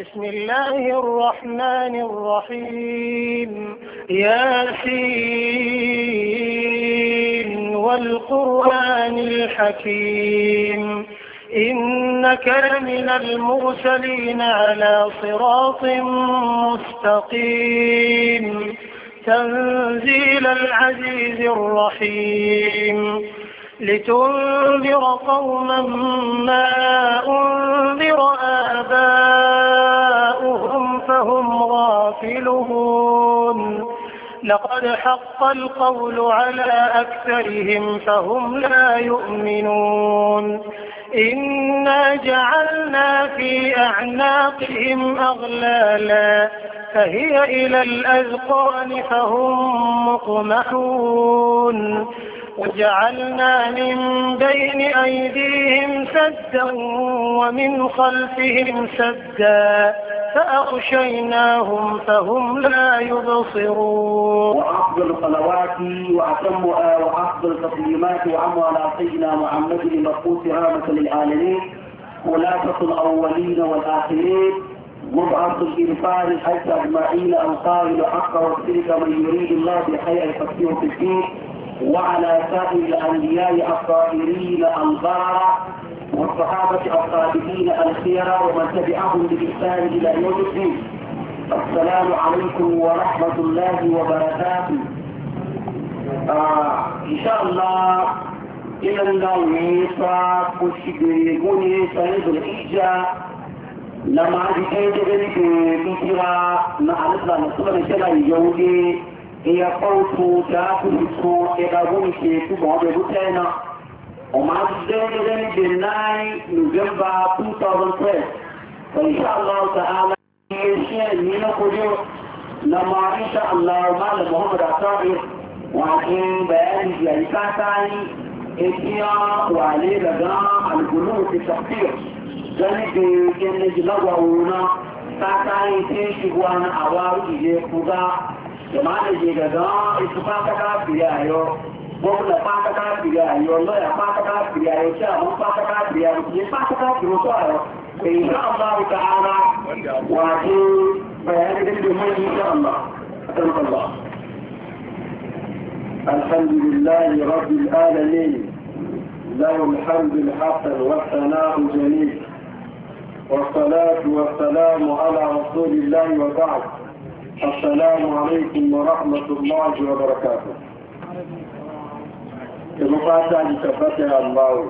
بسم الله الرحمن الرحيم يا سين والقرآن الحكيم إنك لمن المرسلين على صراط مستقيم تنزيل العزيز الرحيم لتنذر قوما ما أنذر آبائهم هم غافلون لقد حق القول على أكثرهم فهم لا يؤمنون إنا جعلنا في أعناقهم أغلالا فهي إلى الأذقان فهم مقمحون وجعلنا من بين أيديهم سدا ومن خلفهم سدا فأغشيناهم فهم لا يبصرون وأفضل صلوات وأتم وأفضل تسليمات وأمر على سيدنا محمد المبعوث رحمة للعالمين خلافة الأولين والآخرين مبعث الإنسان الحج أجمعين أنصار الحق والسلك من يريد الله بخير يفكر في الدين وعلى سائر الأنبياء الطاهرين البررة والصحابة الصادقين الخيار ومن تبعهم بإحسان إلى يوم الدين السلام عليكم ورحمة الله وبركاته آه إن شاء الله إلى النويسة كشبيروني سيد الحجة لما عندي كيد ذلك كثيرا نعرفنا نصبر كلا يومي هي قوت تاكل السوء إذا غني شيء تبعد on accidentally the 9 November 2012. So inshallah ta'ala, Asian Nina Kujo, Nama inshallah Mala Muhammad Asabi, Wakin Bayani Yaikatai, Etia Wale Laga Al-Gulu Fi Tafsir. Gani de Kenne Jilagwa Una, Tatai Te Shiguana Awaru Ije Kuda, Yamane Jigaga, Isupata Kafiya Yo, gwamna fata kafiri a yi wallo ya fata kafiri a yi cewa mun fata kafiri a yi fata kafiri to a yau da yi za a ba ta ana wato bayanin da ke mai insha Allah akan Allah الحمد لله رب العالمين له الحمد الحسن والثناء الجميل والصلاة والسلام على رسول الله وبعد السلام عليكم ورحمة الله وبركاته ìrúbátá ní tàbátẹ̀ àláwò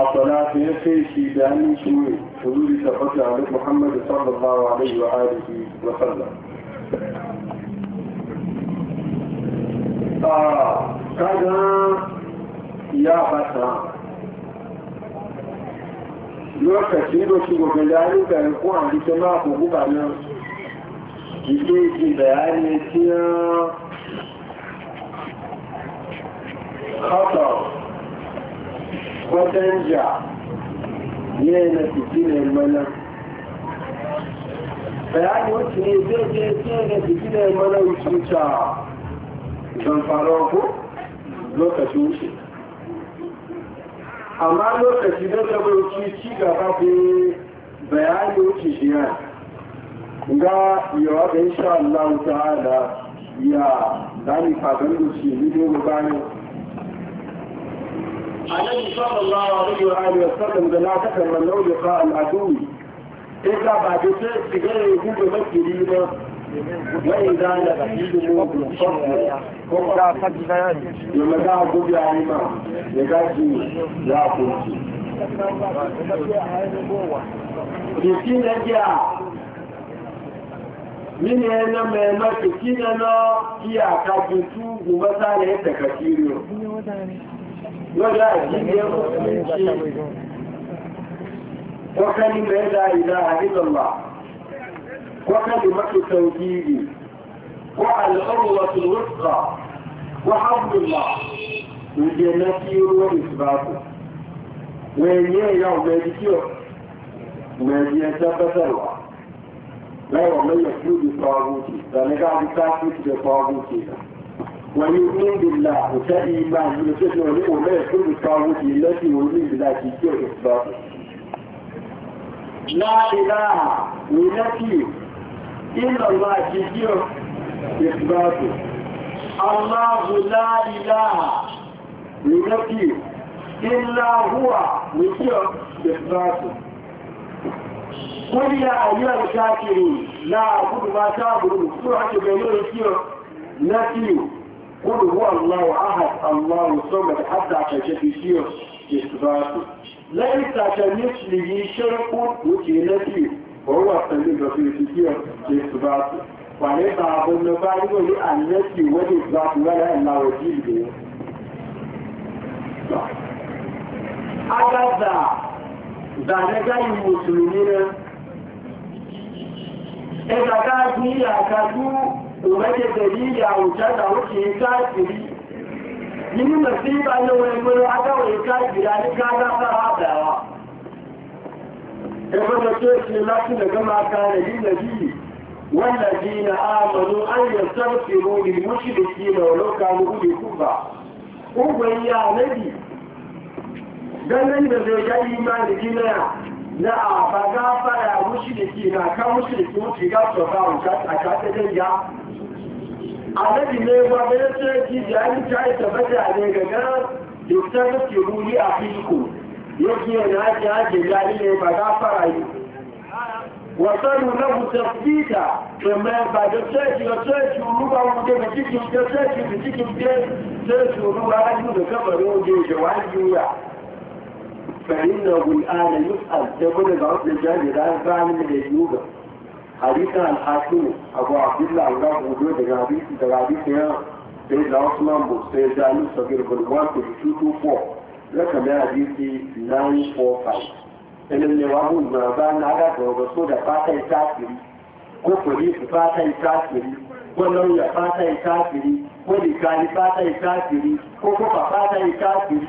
àtọ̀lá fi ń fẹ́ ṣe ìdáni ṣúrì olúrí tàbátẹ̀ àrí muhammadu sallallahu alaihi wa alihi wa sallam kaga ya bata lokacin da shi gobe da yi خطر وتنجع يانا تجينا المنا فيعني وانت نيزير جيسينا تجينا المنا وشمشا جنفاروكو لو تشوشي amma lokaci na tabauci ci gaba da bayani wuce shi ya ga yawa ga insha Allah ta'ala ya zani fadon da shi ne dogo bayan النبي صلى الله عليه وآله وسلم لا تتمنوا لقاء العدو إذا بعد ذلك تجري كل مسجدين وإذا لقيتم بالصبر وقد فجران لما جاء قبل عيما يجاجي لا قلت Kìkí na jẹ́ à, nínú ẹ̀nà mẹ́ẹ̀mọ́ kìkí na náà kí àkàjù tún gùn mọ́sá rẹ̀ ẹ̀tẹ̀kà kiri ọ̀. وكلمة لا إله إلا الله وكلمة التوحيد والعروة الوثقى وحفظ الله والجنة وإثباته وين يوم يجيو ما يثبت الله لا ومن يكون بالطاغوت فنجعل التعفيف بالطاغوت ويؤمن بالله كإيمان يجب أن يؤمن كل الطاغوت التي يؤمن بالله في إثباته لا إله ونفي إلا الله في إثباته الله لا إله ونفي إلا هو في إثباته قل يا أيها الكافرون لا أعبد ما تعبدون سورة بيوم نفي قل هو الله أحد الله الصمد حتى كشفيه إثبات ليس كمثله شيء وكيلته وهو السميع البصير كثير إثبات وليس أظن بعده لأنتي والإثبات ولا إلا وجيبه أجازا ذلك المسلمين إذا كانت هي كذوب umarje dalili a wutar da wuce ya kafiri yi masifa ne wani gudu aka annabi ne ba da ya ce ki da ta yi tabbata ne ga ga da ke ruri a fisko yake yana ake haje jari ne ba za fara yi wasan na mutafita da mai ba da ce ki da ce ki ruwa mu da cikin da ce ki da cikin da ce ki ruwa haju da kabarin da jawabi juya فإنه الآن يسأل يقول بعض الجاهل الآن فاهم من يجوبه hadisan al-hakim abu abdullah ga gobe daga hadisi daga hadisi ya sai da usman bu sai da ali sabir bin waqi 224 raka mai hadisi 945 ilin ne wa mun na ba na ga gobe so da fatan tasiri ko police fatan tasiri ko lauya fatan tasiri ko dikali fatan tasiri ko kofa fatan tasiri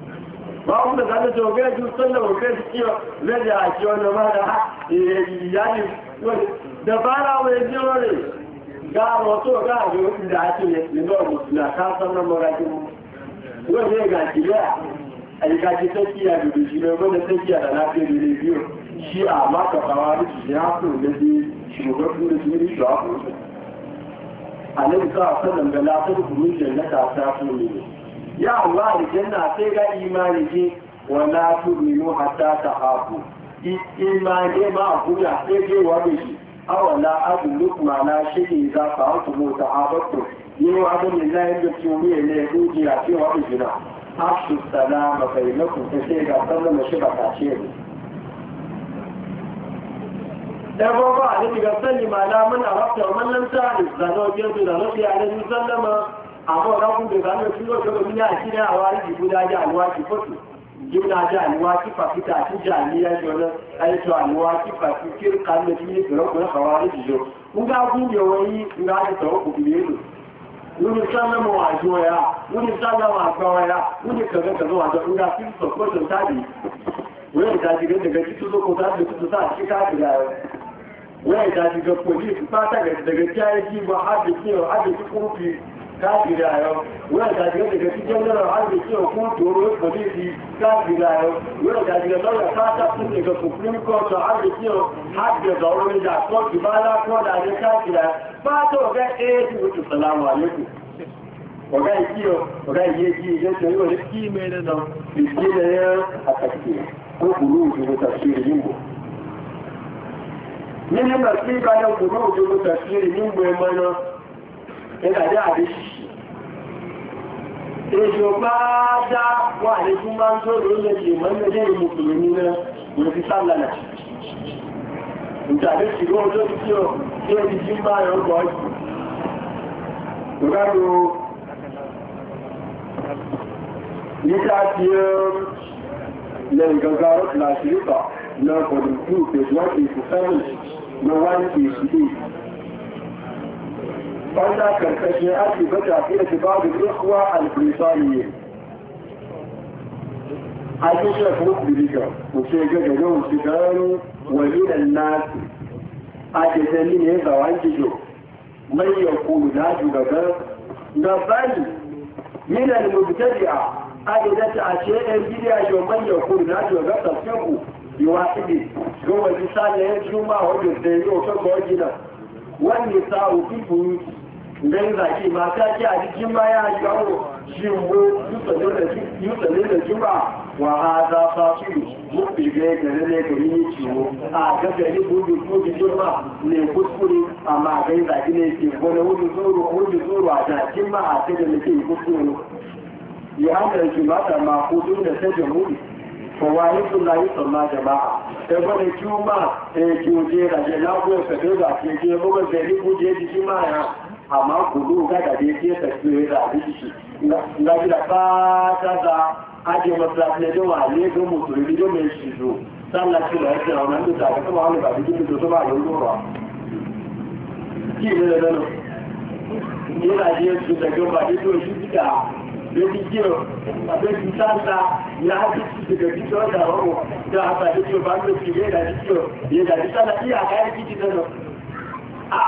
ba wanda za ta ce wa gaji sun da wa gaji kiyo gaji a kiyo da ma da eh, yayi wani da fara wa yaji wani ga wato ga a ga wani da ake ne ba mu na ka san nan maraki ya gaji ya a yi gaji tsakiya da bishi mai wanda tsakiya da lafiyar da biyu shi a maka bawa da shi ya kuma da shi shugaban da shi ne ya Allah aljanna sai ga imani ji wala tu'minu hatta tahabu imani ma kula sai je wa shi awala aduluk na shi ne za ka hanku mota a bakko yi wa da ne na yadda kyomi ne ku ji a bi shi na afsu salama bai na kuka sai ga sallan shi ba ta ce ne dan ba ba ne ga sani na mun a wata wannan ta da zano biyar da rabi alaihi sallama àwọn ọlọ́kùn bèbá ní oṣù lọ́jọ́ ní nàìjíríà àwọn arìdìbò dájá àlúwá ti fọ́tù yóò dájá àlúwá tí pàpítà àti jà ní ẹjọ́ náà ẹjọ́ àlúwá tí pàpí kí ó ká lè ní ìpẹ̀lọ́pẹ̀lọ́ àwọn arìdìbò nígbà gún yọ̀wọ̀ tí sọ̀pọ̀tò táàdì sí káàkiri ààrẹ wọ́n ìdájí káàkiri ayọ̀ wọ́n ìdájẹ́gẹ́gẹ́ tí jẹ́mọ́rọ̀ àti tí òkú tòrò pọ̀lẹ́sì káàkiri ayọ̀ wọ́n ìdájẹ́gẹ́ lọ́rọ̀ káàkà fún ẹ̀gẹ́ supreme court àti tí ó hajjẹ̀dọ̀ orin ìjà kọ́ọ̀tù bá lákọ́ọ̀dà ní káàkiri ayọ̀ bá tó ọ̀gẹ́ ẹ̀ẹ́dì oṣù sàlámù àlékù ọ̀gá ìdí ọ̀ ọ̀gá náà ẹgbàdé àdéṣì èjò bá dá wà ní fún máa ń tó lórílẹ̀ èdè mọ́lẹ́dẹ́ ìlú mùsùlùmí náà mo fi sálànà ìtàdé sí ló ló tí ó tí ó di jí bá yọ gbọ́ jù ìgbàlù nígbà tí ó lẹ ìgbàgbà ọ̀tún àṣírí pa lọ́pọ̀ ní 2 page 1 page 7 lọ 1 page 8 فإذا كانت التشريعات بتعطية بعض الإخوة البريطانيين المشرف مقبلك وشيكا جدو سكان ومن الناس أتسلين هذا وعنججو من يقول ذات بدا نبل من المبتدعة أجدت أشياء بدعة ومن يقول ذات بدا تصفه بواحد جوه الإنسان يجمع وجه الدنيا وكبه وجنا والنساء في بيوت don zaki ma ta ce a jikin ma ya jawo jimbo yutsale da jiba wa ha za fa su mutu ga ya gare ne ni ne ciwo a ga gari gudu gudu jirma ne kuskure amma ga yi zaki ne ke gole wuri zoro a jakin ma a ce da ne ke kuskure ya hanyar jimata ma ko duk da ta jamhuri fọwáyé tó láyé tọ̀lá jẹba ẹgbọ́n kí ó máa ẹ̀kí òjé ìràjẹ̀ lágbó ẹ̀fẹ̀ tó gbà fi ẹgbẹ́ ni ẹgbẹ́ ẹgbẹ́ ẹgbẹ́ ẹgbẹ́ amma kudu ga da dai ke tafiye da abinci na gida ba ta za a je masu da wale ga musulmi da mai shizo sannan shi da ya ce wannan da ta kuma wani ba da gidi da su ba da ruwa ki ne da nan yana je su da gaba da to shi da da kiyo a da ki santa ya haɗu su daga kiyo da rawo da haka da kiyo ba da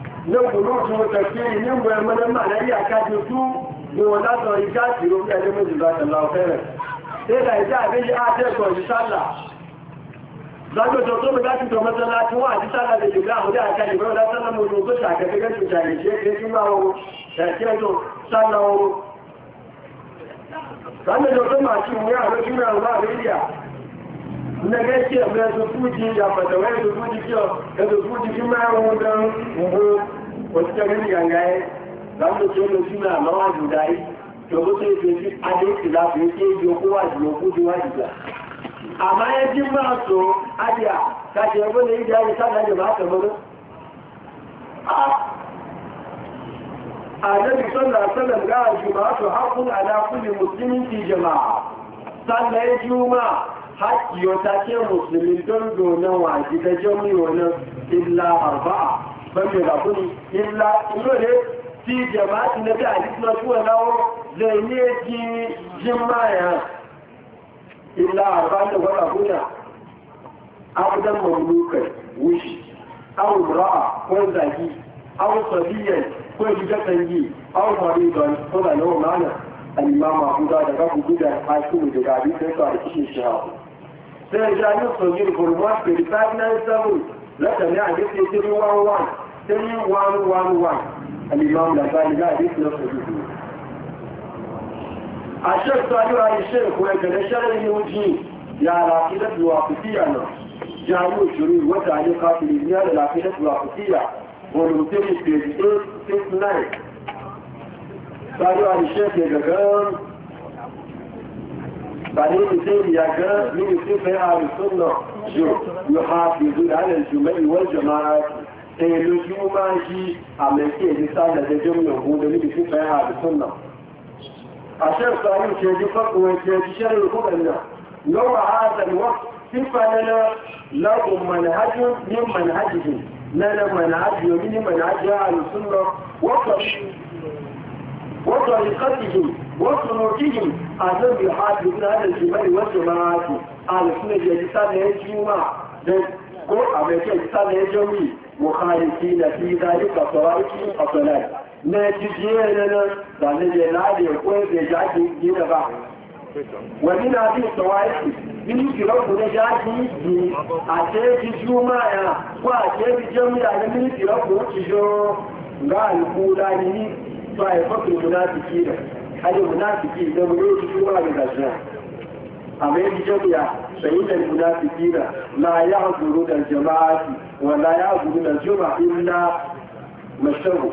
ní òkúrú tó tẹ̀sí nígbà ẹ̀mọ́ ní màá lẹ́yìn àkájú tú ni wọ́n látọ̀ ìjà ìró bí ẹni méjì bá tẹ̀lá ọ̀fẹ́rẹ̀. Ṣéka ìjà àbíyí àtẹ́kọ̀ọ́ ìṣálà. Lágbèjọ tó mi láti tọ̀ mọ́tọ́lá tí wọ́n àti sálà lè lè dáhùn dé àkájú bẹ́ẹ̀ lásán mọ́ ní ogójì àkẹ́kẹ́ tó jà ìṣe é kí máa wọ ẹ̀kẹ́ tó sálà wọ. Lágbèjọ tó máa ti wúyà lójú náà wà lórí à nagẹ́kí ọ̀gbẹ́ ẹ̀sùn fújì àpàtàwẹ́ ẹ̀sùn fújì kí ọ ẹ̀sùn fújì kí máa ń dán gbogbo òṣìṣẹ́ nínú yàngá ẹ̀ láti tó lọ sí náà lọ́wọ́ àjùdá yìí tòbó tó ṣe sí adé ìlà fún ṣe é di okó wà jù okó ju wá jùlá. àmọ́ ẹ jí máa sọ adìyà kàṣẹ ẹgbẹ́ lè jẹ́ ayé haƙƙi wata ke musulmi don donan wa gidajen mi wani illa arba'a ban mai rabuni illa ilore ti jama'a na da hadisi na tuwa nawo zai ne ji jimaya illa arba'a da wata guda abdan mamlukar wushi aw ra'a ko zagi aw sabiyan ko jidatan sai ja yi sojin gurma 3597 lakani a gefe 311 3111 al'imam da zai ga hadisi na sojin a shek sa'adu a yi shek kuma ga da sharar yauji yara fitattu a fitiya nan jami'u shuru wata ne kafin biya da lafiyatattu a fitiya volume 3 page 869 sa'adu a yi shek ya gagan بعدين يقول يا جماعة من يصير على السنة جو يحافظ على الجمع والجماعات تلجوا كي عملتي الرسالة الجمع وهذا من يصير على السنة عشان صاروا تجي فقوة تجي شر القبلنا لو هذا الوقت صفة لنا لهم منهج من منهجهم لنا منهج من منهج أهل السنة وقف وطريقته وسلوكه أنهم يحافظون على الجمال والجماعات على سنة جلسان الجمعة ko a mai kai ta ne jami muhalisi na fi zari ka sarauki a sanar na jijiyar na nan da na je na da ya koyar da jaki gina ba wani na bi sarauki bini kiro ku na jaki ji a ce ji juma ya ko a ce ji jami'a na mini kiro ku ci jo ga alkura ni طائفة المنافقين هذا المنافقين ده ملوك شورى من الأجناء أما يجي جميع فإن المنافقين لا يعبدون الجماعة ولا يعبدون الجمعة إلا مشتبه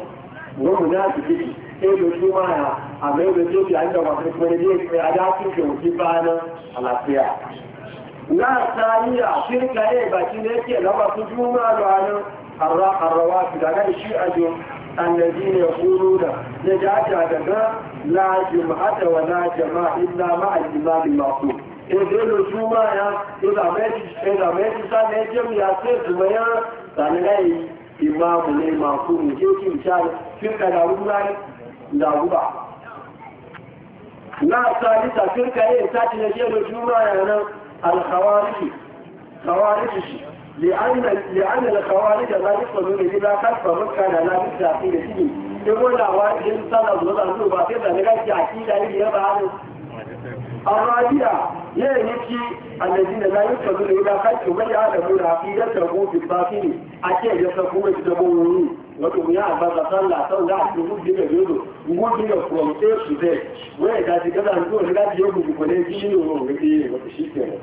ومنافقين إيه الجمعة أما يجي جميع عندما تكون ليك في عداتك وكيفانا على الصياح لا ثانية شركة إيه باكين إيه لما تجمع عنه الرواتب أنا الشيء أجمع الذين يقولون نجعت هذا لا جمعة ولا جماعة إلا مع الإمام المعصوم إذن يا إذا ميت ما تشتغل الجمعة تسمى تنغي إمام المعصوم يجيك إن شاء الله فرقة لأولا لأولا لا ثالثة فرقة إيه تاتي نجيب الجمعة الخوارج خوارج الشيء لأن الخوارج لا يصلون إلى خلف مكة لا يصلح في نفسه يقول أوائل جن صلى الله عليه وسلم بعد ذلك يعكيد عليه يبعث الرابعة يأتي الذين لا يصلون إلى خلف من لا عقيدته في الباطن أكيد يصفون يكتبون wato ya albasa sallah sau لا ake gudu da yodo gudu da from a to z wai da ji gaza لا da ji yodo ku ne ji ne wa ga ke shi kenan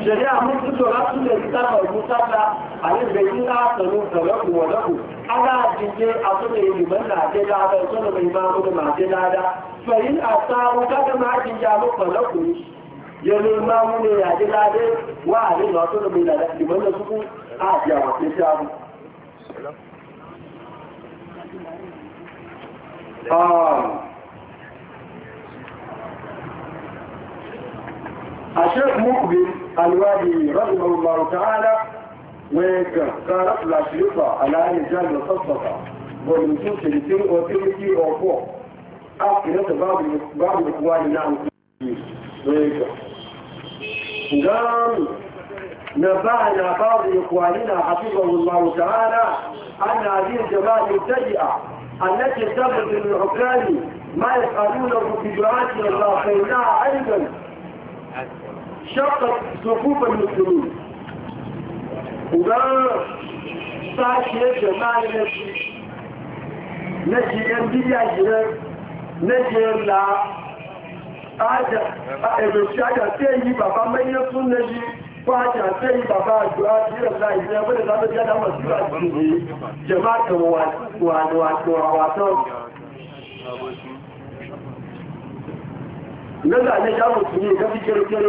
shari'a mun fito na su da tsara wa musalla a yin da yi na tsaro da rabu wa rabu ana jinje a su da yi liman na ke da da su da mai mamu da ma ke da da fa yin a tsaro kada ma jinje a muku rabu ya ne mamu ne ya الشيخ مقبل الوالي رحمه الله تعالى لا شريطة على أن رجال مصدقة والنصوص التي أوتيتي أوفو أفكرة بعض بعض الإخوان نعم نعم نبعنا بعض إخواننا حفظه الله تعالى أن هذه الجماعة السيئة التي تبدو من الحكام ما يفعلونه في دعاتنا الله خيرها أيضا شقت صفوف المسلمين وقال ساشي جماعي نجي نجي انبيا جرم نجي لا ájà ẹ̀rọ̀ṣájà tí èyí bàbá mẹ́yẹ fún lẹ́yí fájà tí èyí bàbá àjò àti ẹ̀lá ìṣẹ́ ẹgbẹ́lẹ̀ lábẹ́bí adámọ̀ sí láti rí jẹmá tẹ̀wọ̀wàtọ̀ àwàtọ̀ lẹ́gbà ní jámù sí ní ìgbẹ́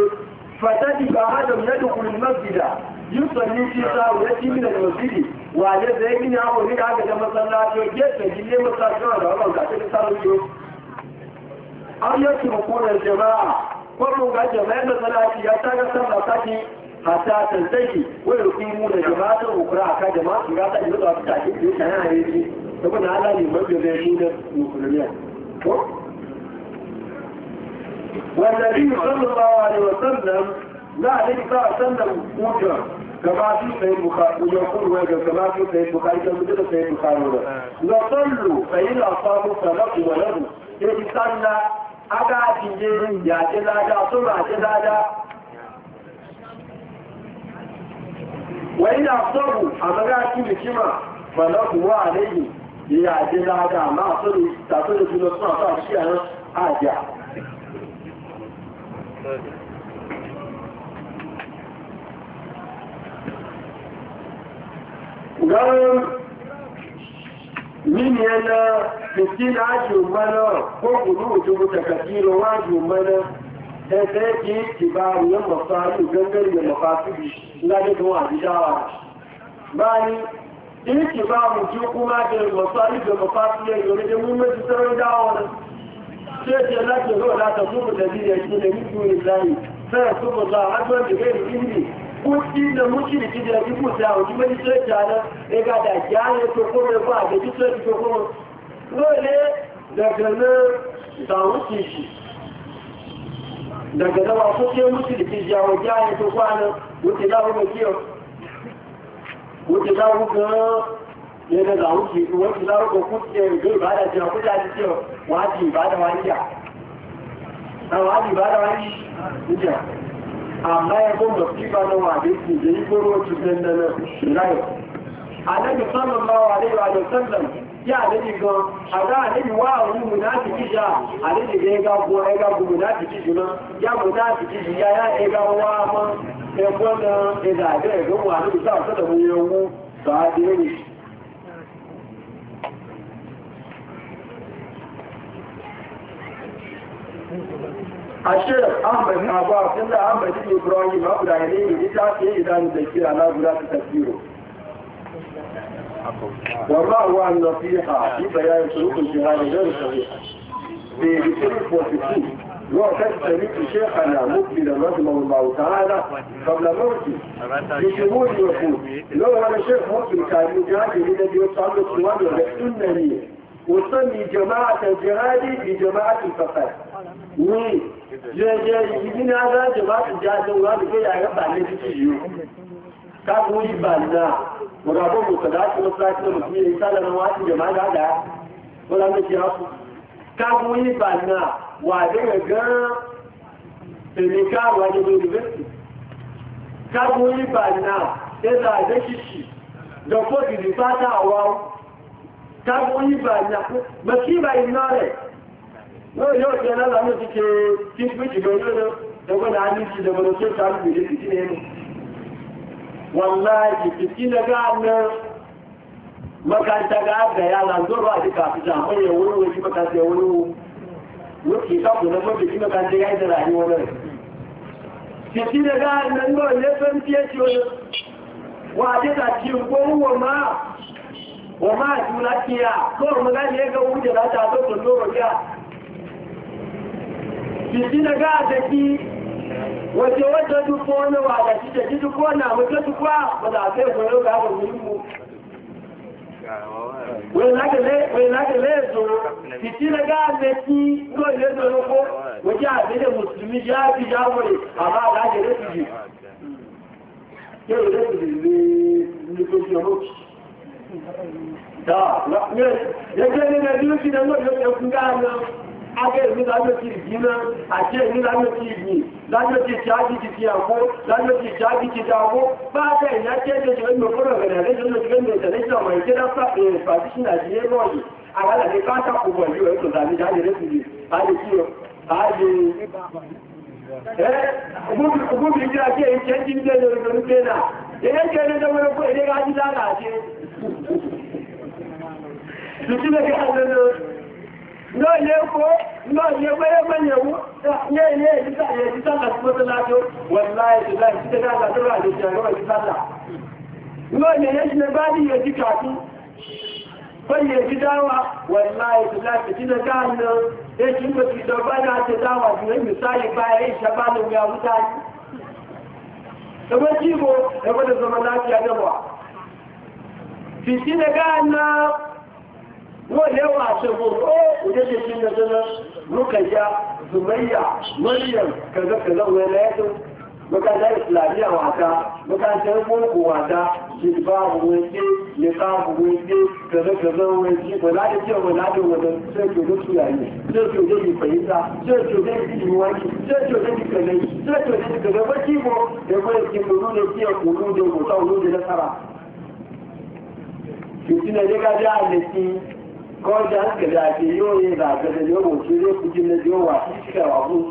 fataɗi ba hadam na dukkan masjida yin sanni shi sa wuya shi mina da masjidi wa ne zai gina hau ne da aka ga masallaci gefe gi ne masallaci wa zama ga ta kasa rufe an yi su makonar jama'a kwallon ga jama'a yadda ya ta ga sanda ta a ta tantaki wani mu da jama'a ta rukura a ka jama'a su ga ta ji zuwa su ta ke ke ta yana yi ne saboda ala ne mafi zai shi da musulmiya والنبي صلى الله عليه وسلم لا نبقى سلم وجه كما في سيد بخاري ويقول وجه كما في سيد بخاري كما في سيد بخاري وصلوا فإن أصابوا فلقوا ولدوا إذ صلى أقعد جيد يا جلاجة صلى جلاجة وإن أصابوا أمرا كمشما فلقوا عليه يا جلاجة ما صلوا تطلق لصنع صلى الله عليه وسلم Gawon nini 15 fitin mana ko gudu ojubu takasiro wajo mana ẹgbẹ́ kí ti bá ríọ mọ̀fà ní gẹ́gẹ́ ìyẹ mọ̀fà síbi wọn ní bá mú tí ó kú mọ̀fà mọ̀fà sai ce na ke zo na ta zuba da biyu ya ce da mutu ne zai sai su ba za a zuwa da bai ilimi kuɗi da mutu da kiji da dubu ta a wani mani sai ta nan ya ga da gyara to ko mai da ji sai to ko dole daga nan da wuce shi daga nan wa yana da wuce su wani na roƙo kuɗe ga ibada cewa kuɗa ji cewa waji ibada wani ya na waji ibada wani ya amma ya bon da fi bana wa da yake da yi goro cikin da na rayu annabi sallallahu alaihi wa sallam ya annabi ga a ga annabi wa wani munafiki ya annabi ga ya ga ko ya ga ko munafiki shi na ya munafiki ya ya ga wa ma ya gona ya da ga ga wa annabi sallallahu alaihi wa sallam ya wu ba da ne الشيخ أحمد بن عباس إلا أحمد بن إبراهيم أبو العينين إلا في إذن ذكير على أبراك تكبيره والله عن نصيحة في بيان سلوك الجهاد غير صحيحة في بسلوك وفتوك وقد سمعت شيخنا مقبلا رحمه الله تعالى قبل موته بشهور يقول لو انا شيخ مقبل كان يجاهد الذي يتعلق سؤال ويقتلني وصلي جماعة الجهاد بجماعة الفقه ní jẹjẹ ìdí ní adájọ́ bá ti jẹ́ ajọ́ wọ́n ti gbéyà rẹ̀ bà ní títí yìí káàkiri ìbà náà wọ́n bá bọ́ọ̀mù kọ̀dá tí wọ́n fẹ́ tí wọ́n fi èyí sálẹ̀ wọn wá sí jẹ̀má dáadáa wọ́n lá méjì á fún káàkiri ìbà náà wà bẹ̀rẹ̀ gan-an èmi káàwà ní yunifásitì káàkiri ìbà náà ẹ̀dà àdéṣiṣì dọ̀fọ́ ìdí pátá àwọn káàkiri yóò yóò jẹ́ náà lámú ti a duka fi samun ya wuri wuri makaranta ya wuri wuri ka kuna mafi shi makaranta ya yi da rayuwa titi da ga nan yau ne san fiye ci wani wa ce da ci ko wa ma wa ma tula kiya ko magana ya ga wuce da ta zo ya jijina ga da ki wace wadda duk wani wadaci da ji duk wani wata duk wa ba za a kai goyo ga abu mulmu wani nake laye zoro jijina ga da ki ko ne zoro ko wace abin da musulmi ya fi jamuri amma ga ke refugee yau refugee ne nufin yoroki da na ne ya ce ne na biyu shi don yau ya kun gano ayé mi lájọ́ ti ìgbìnà àti èmi lájọ́ ti ìgbìn lájọ́ ti ìṣáájú ti ti àwọ́ lájọ́ ti ìṣáájú ti dáwọ́ bá bẹ́ ìyájẹ́ ìjọba ìgbòkúrò rẹ̀ rẹ̀ lẹ́jọ́ lọ́jọ́ ìgbẹ̀tẹ̀lẹ́sọ̀ ọmọ ìjẹ́lá pàtàkì pàtíṣìn àti ẹgbọ́ yìí àwọn àlẹ́ káńtà kò wọ̀ ìlú ẹ̀kọ́ tàbí jáde rẹ̀ Ogúnbí jẹ́ ajé ìṣẹ́ jí ilé lórí lórí pẹ́lá. Èyé jẹ́ ilé lọ́wọ́ ẹgbẹ́ ilé rájí lára àti. Lùsílẹ̀ kí a lọ́lọ́rọ̀ náà yẹ kó náà yẹ bẹ́yẹ́ mẹ́yẹ̀wó ní ilé ìdíkà yẹ ti sáàlà tí wọ́n tó lájọ́ wọ́n láyé ti láyé ti tẹ́lá àgbàdúrà àlejò ẹ̀rọ ìsáàlà náà yẹ yẹ ti lẹ bá ní yẹ ti kàtú fẹ́yẹ ti dáwà wọ́n láyé ti láyé ti lẹ dáná èyí tó ti sọ bá náà ti dáwà ju èmi sáyé bá ẹ̀ ìṣàbá ló ní àwùjá yìí. ẹgbẹ́ tí ibo ẹgbẹ́ tó sọmọ láti adébọ̀ fìtí lẹ dáná wọ́n yẹ wọ́n àṣẹ وجدت لنا سنة ركية سمية مريم كذا كذا ولاده مكان إسلامية وعدا مكان تنبوك وعدا جلباب ويجي لقاب ويجي كذا كذا ويجي ولا يجي ولا يجي ولا سيرجو نفسه يعني سيرجو جدي فايزا سيرجو جدي جنواني سيرجو جدي كذا سيرجو جدي كذا وكيفو يقول لك يقولون لك يقولون لك يقولون لك ترى يمكن أن يجي على kọjá kẹlẹ àti yóò yẹ ìgbà àgbẹ̀dẹ yóò wò sí yóò fi jílẹ̀ yóò wà sí ìṣẹ̀wà fún.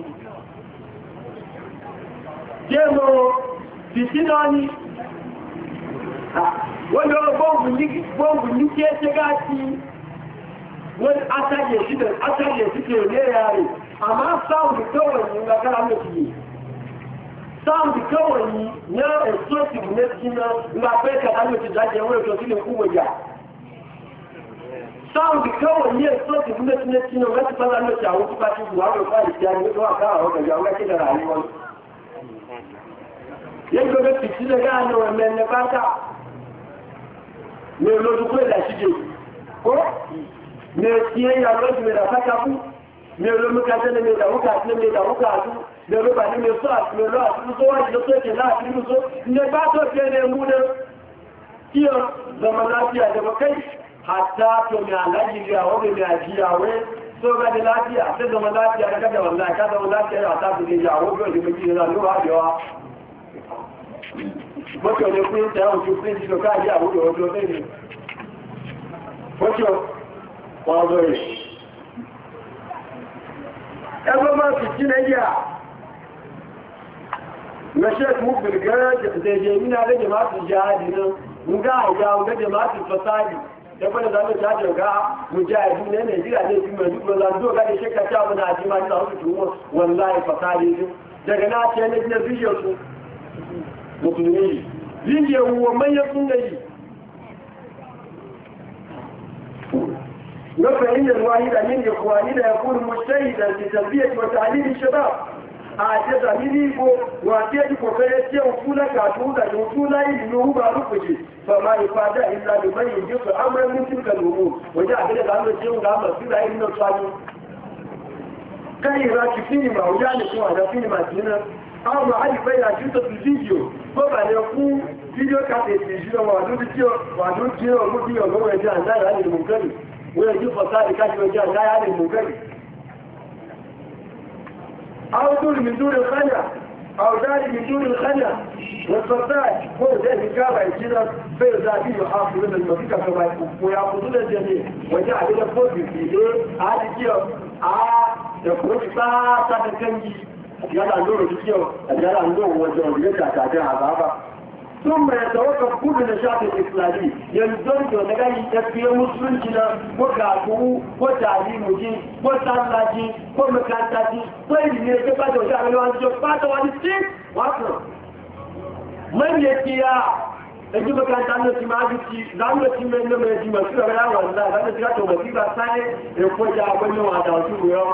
jẹ́ mo fìtí náà ni wọ́n yọ bọ́ọ̀bù ní kí ẹ ṣe ká sí wọ́n aṣáyẹ̀ síbẹ̀ aṣáyẹ̀ síbẹ̀ ò lẹ́yà rẹ̀ àmá sáàmù kọ́wọ̀ yìí ń gbàgbára méjì yìí sáàmù kọ́wọ̀ yìí ní ẹ̀sọ́ ìbùnẹ́sí náà ń gbàgbẹ́ kàdá méjì dájẹ́ wọ́n ètò sílẹ̀ kúwẹ̀ yà sáwọn ìkẹwọ̀ ní ẹ̀sọ́ ti fún lẹ́tí lẹ́tí náà láti bá lálẹ́ ti àwọn pípa ti wà rọ̀ fáì sí àwọn ìwà ká àwọn ọ̀gẹ̀gẹ̀ àwọn ẹ̀kẹ́ dára ní wọn. yẹ́gbẹ́ bẹ́ sílẹ̀ láàánú ẹ̀mẹ́ ẹ̀mẹ́ bá ní olójú pé ìdàṣídè kó ní etí ẹ̀yà lọ́dún ìdà pátákú ní ní ìdàmúka àti hatta to mai alaji ga wani mai ajiyawe so ga da lafiya sai zama lafiya ka da wallahi ka zama lafiya ya ta da jawo ga da miki da zuwa yawa mọ́tò lè pín tẹ́ òjú pín sí lọ́ká àyí àwúrò ọjọ́ lẹ́yìn mọ́tò wọ́n ọjọ́ rẹ̀ ẹgbẹ́ máa fi jí lẹ́yà mẹ́ṣẹ́ fún gbẹ̀rẹ̀ gẹ́rẹ́ jẹ́ da kuma za mu tajo ga mujahidi ne ne jira ne kuma duk ba zan doga da shekka ta mu na ji ma ta su tuwo wallahi fasali su daga na ce ne ne biyo su mutunni biyo wa man ya sunna yi وفإن الواحد من إخواننا يكون مجتهدا في تربية وتعليم الشباب a ta zamiri ko wace ji kokarin ce hutu na kasu da hutu na yi yiwu ba rufuce ba ma yi fata illa da mai yin jinsu amuran mintin ka nomo wajen abin da zamu ce ga amma su da yin nan sami kan yi raki fini ma wuya ne kuma da fini ma tunan an ma hali bai na jinsu su video ko ba ne أوضل من دون الخلع أو داري من دون الخلع والصفاء هو ده الكعبة يجينا في ذاتي يحافظون المفكة كما ويعبدون الجميع وجعل إلى فوق في إيه هذه كيو آه يخرج ساعة تنجي يلا نور كيو يلا نور وجعل لك أتعدي عذابا ثم يتوقف كل نشاط الإسلامي يلزمت ونقاي تسبيه مسلم جنا وقعكو وتعليم جي وصلى جي ومكانتا جي طيب من يتبادل وشعر وانت جفات والسين واصل من يتيا ẹjú mẹ́kàntà ní ti máa dìtì láàrín tí mẹ́rin mẹ́rin ti mẹ́rin sílẹ̀ rẹ̀ wọ̀n náà láti ṣíkà tó mẹ́rin bá sáyé èkó ìjà agbẹ́lẹ́wọ̀n àdàwọ̀ sí ìwé ọ́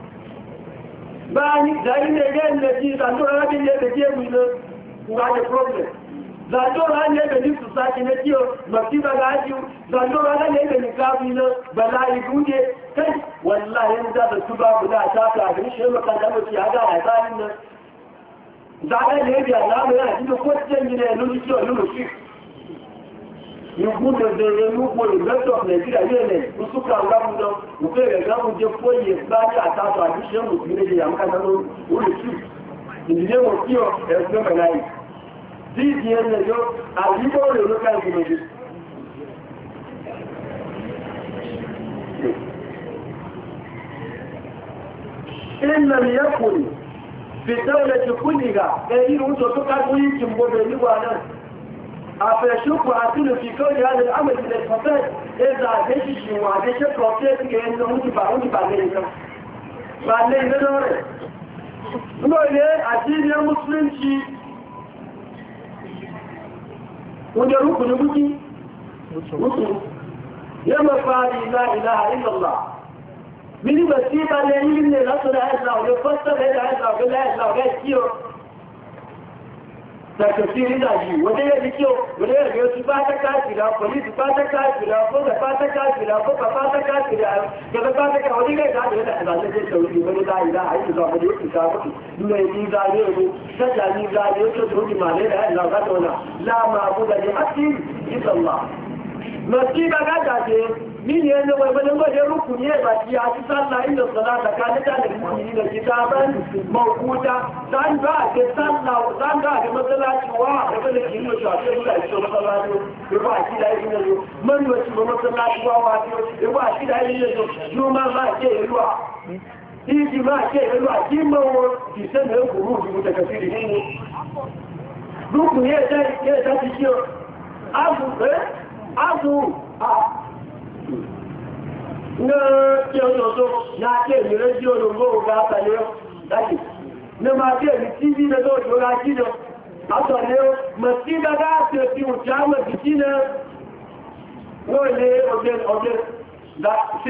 bayan zahire yan da ji zanjora rabin ne da ke mu ne kuma da problem zanjora ne da ni su saki na kiyo masiba ga ajiyu zanjora ne da ni kafu ne bala'i guje kai wallahi yanzu da su ba guda ta ta ga shi ìgbúndòdòdò lúpọ̀ ìgbẹ́tọ̀ nàìjíríà yóò nẹ̀ òsùkà ọ̀gáwùdọ̀ òkè rẹ̀ gáwùjẹ fóyè báyé àtàtọ̀ àdúṣe òsì méje yàmúkàtà lórí ìdílé wọn kí ọ ẹ̀sùn mẹ́rin afẹ́ṣùkù àti olùfikọ́ ìrìnlẹ̀ amẹ́sílẹ̀ pọ̀fẹ́ ẹ̀zà àgbéṣìṣì wọn àgbéṣẹ́ pọ̀fẹ́ ti gẹ̀ẹ́ lọ oúnjìbà oúnjìbà lẹ́yìn lọ bà lẹ́yìn lọ́rọ̀ rẹ̀ lóòrẹ́ àti ilẹ̀ muslim ti oúnjẹ rúkù ní gúgí rúkù yẹ́mọ̀ fàárí ilá ilá ìlọ́lá bí nígbà tí ìbálẹ̀ yìí nílẹ̀ látọ̀lá ẹ̀zà ọ̀gẹ́ fọ́sẹ̀ Zakafiri na yi, wani yari kyau, wani yari yau su fata kafira, polisi fata kafira, foka fata kafira, foka fata kafira, gaba fata kafira, wani gai za a yi da alamun zai sauri, wani za a yi da a yi da wani yau su sa mutu, nuna yi ni za a yi yau, sanya ni za a yi yau su rubi malai da yana za ta wana, la ma mini ya zama wani wajen rukuni ya baki ya ci sallah inda sana da kanita da mutumini da kitaban mawuta zan ga a ke sallah zan ga a ke matsalaci wa a gaba da kiri wasu a ce mula ce matsalaci ya ba a kida yi yanzu man wasu ba matsalaci wa wa ce ya ba a kida yi yanzu juma ma na ke ojojo na ke mi radio no go ga ta le dati na ma ke mi tv na do jo la ki no ato le ma ti da ga se ti u ja ma ti ti na no le oje oje da si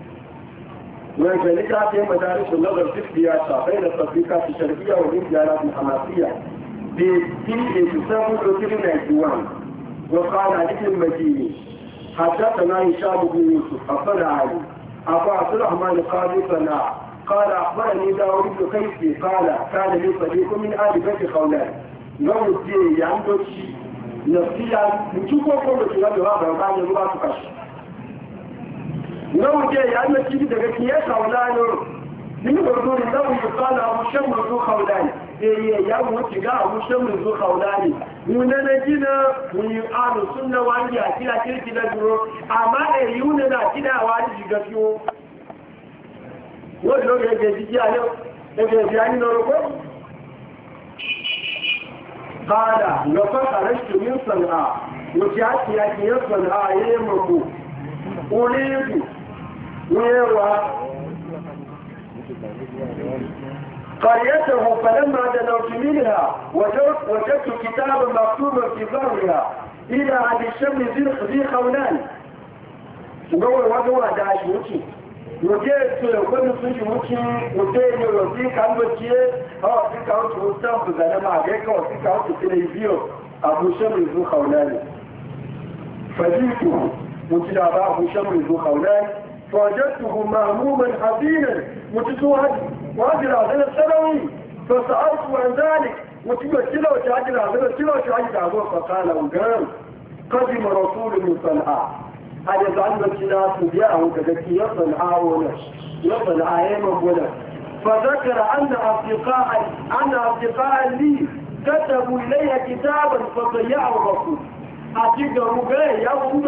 وذلك في مدارس النظر في السياسة بين التطبيقات الشرقية والانتهالات الحماسية في تسمى تسمى 91 وقال علي المديني حدثنا هشام بن يوسف حصل علي أبو عبد الرحمن قاضي صنع قال أخبرني داوود بن قيسي قال كان لي صديق من آل بيت خولان نوم الدين يعمل شيء نفسيا نشوفه كله في هذا الوضع وبعد الوضع تكشف نوجه يعني تيجي دقيقة خولانو من برضو لو يقال أبو شمر ذو خولاني إيه يا موتيجا أبو شمر ذو خولاني وننا جينا ويقال سنة وانجي أكيد أكيد كده جرو أما إيوننا كده وانجي جفيو wọ́n lórí ẹgbẹ̀ jíjí ayọ́ ẹgbẹ̀ ìbí ayé lọ́rọ̀kọ́ báadà lọ́kọ́ àrẹ́ṣù ní sànà òkè àti àkíyàn sànà ayé mọ̀mọ̀ orí ẹgbù ويروى قريته فلما دنوت منها وجدت كتابا مكتوبا في ظهرها إلى عن الشم ذي خولان نور وضوى داعش وكي وجدت ومن سنج وكي وجدت وزيك عن وكي اه فيك عوت وستنف زلما عليك وفيك عوت تليفيو أبو شم ذو خولان فجئته وكي أبو شم ذو خولان فوجدته مهموما حزينا متسوها وهجر هذا السلوي فسألت عن ذلك وتبقى كلا وتعجل هذا السلوي وتعجل هذا فقال وقال قدم رسول من صنعاء هذا يزعل صنعاء تبيعه كذلك يصنعاء ولا يصنعاء يمم ولا فذكر أن أصدقاء أن أصدقاء لي كتبوا إلي كتابا فضيعوا الرسول أتيجا وقال يا أبو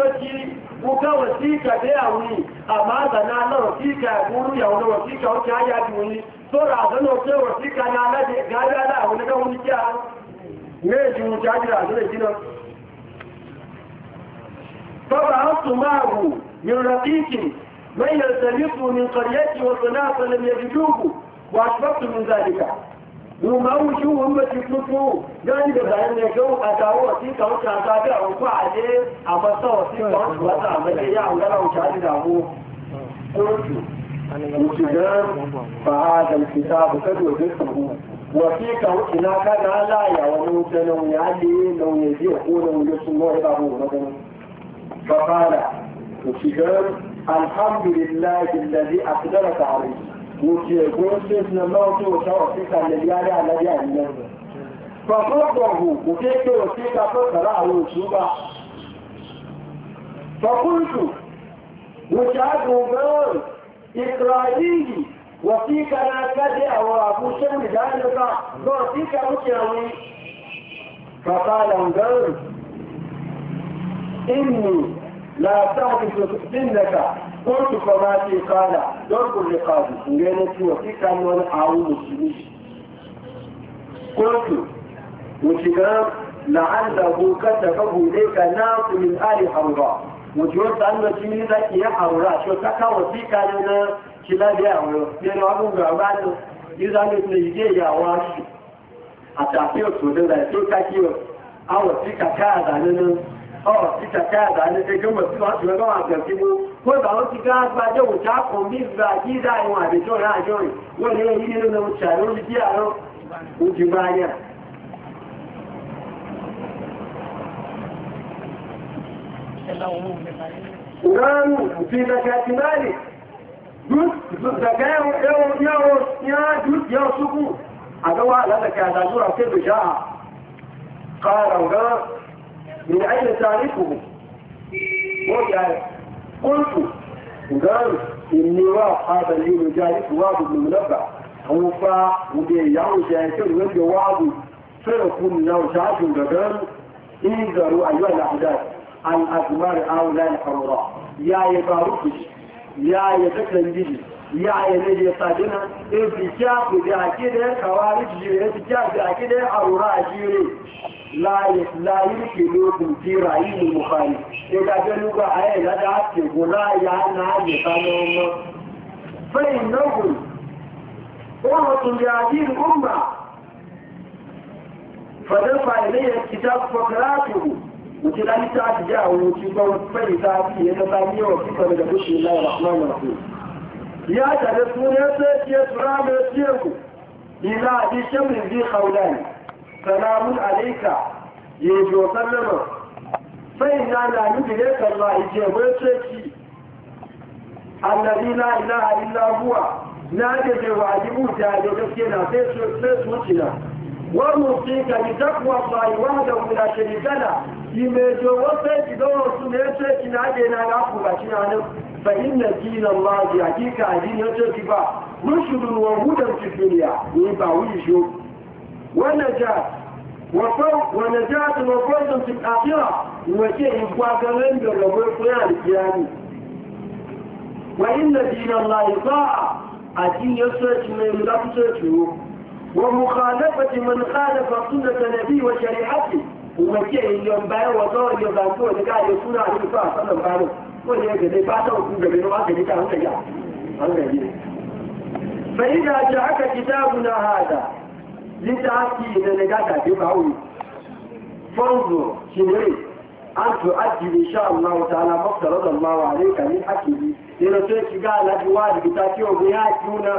mo ká wàsíkà dé àwọn yìí àmọ́ àgbàna náà wàsíkà ìgbóhùn ìyàwó náà wàsíkà ó ti áyá di wọn ni sọ́rọ̀ àdánù pé wàsíkà ní aládé gáyá láàwọn ẹgbẹ́ wọn ní kí a méjì wọn ti ájúra àdúrà ìdí náà. tọ́ba ó tún máa wù mìíràkìkì lẹ́yìn ẹ̀sẹ̀ nípò ní kọ̀rẹ́ẹ̀tì wọn sọ náà sọ umaru umarci tutu gani da bayan da yau a kawo wasi ka wuce a tafi a wuku a je a masa wasi ka wuce wata a mace ya an gara wuce a damu kotu wuce nan ba a dalfita ba ka dobe su wasi ka alhamdulillah billazi a su dara وكيكون بإذن الله توسعك الذي على الذي فطلبه وكيف وكيف فقرأه وشوبه فقلت وشعب غير إقرائيه وفيك أنا كذا وأبو شم ذلك وفيك مكروي فقال غير إني لا تعرف إنك قلت فما في قال ضرب الرقاب غيرت وفي كان وانا اعوذ بالله قلت وشجار لعله كتبه اليك ناس من ال حراء وجوز ان تشيل ذاك يا حراء شو تكا وفي كان انا كلا بيع من ابو غربان يزال يجي يا واشي àtàkì òtò lọ́la tó kákí ọ̀ awọ̀ sí kàkà àdánilọ́ ọ̀rọ̀ tí kàkà àgbà ní ẹgbẹ́ mọ̀ sí wọ́n ti rẹ̀ lọ́wọ́ àgbà sí mú wọ́n bá wọ́n ti gá gbájẹ́ òjá kan bí ìgbà yíra ìwọ̀n àbẹ̀jọ́ rẹ̀ àjọ rẹ̀ wọ́n ní ẹ̀yí nínú ẹ̀rọ ṣàlọ́ orí bí àárọ̀ ojú bá yà. Ìrọ̀rùn fi ìdàkà ti báyìí, dàkà ẹ̀wọ̀n yára dúkìá ọ̀ṣùkù, àgbẹ̀wà aládàkà àdàdúrà kébè jáà, kààrà ọ̀gá من أين تعرفه وجاء قلت قال إني هذا اليوم يجالس واد من منبع خوفا فا ودي يعو جايكر ويجي واحد واد من لو شعبوا قدام انذروا أيها الأحداث عن أدمار أولاد الحمراء يا يبارك يا يتكلم بيجي ya yi ne ya sadina in fita ku da ake da kawari jire fita da ake da arura jire layin kilo kuti rayu ne mukali ya gaje luka a yi lada ake gula ya na ya sami ọmọ fai nagu ohun tun da ake umma fadafa ile ya kita fakaratu wuce lalita ta jawo wuce ba fai ta fiye na sami yawon fitar da bushe lai rahman rahim ya tare sai ya tura mai ciyarku ila bi shamin bi khawlan salamun alayka ya jo sallama sai na na nufi ne kalla ije mai ceki annabi la ilaha illa huwa na da ke wajibu ta da gaske na sai su wuce na ومرقيك بتقوى الله وحده لا شريك له يمجو وسيك ga na سيكنا جينا shi na نفسه فإن دين الله حقيقة دين يتكفى رشد وهدى في الدنيا يباويشه ونجاة وفوق ونجاة وفوز في الآخرة وكيه يبقى بالربوع فلان يعني وإن دين الله طاعة الدين يسرج من لا تسرجه ومخالفة من خالف سنة النبي وشريعته ومكيه ينبعي وطار يبعثوه لكي يكون عليه صلى الله عليه وسلم ko ne ga dai ba ta ku gari ba ka ji ta hanka ya an ga ji fa idza ja'aka kitabuna hada litaki da ne ga ta ji ba wuri fanzo shine an tu'addi insha Allah ta'ala maftarada Allah alayka min hakihi yana so ki ga alaji wa da ta ci ogun ya tuna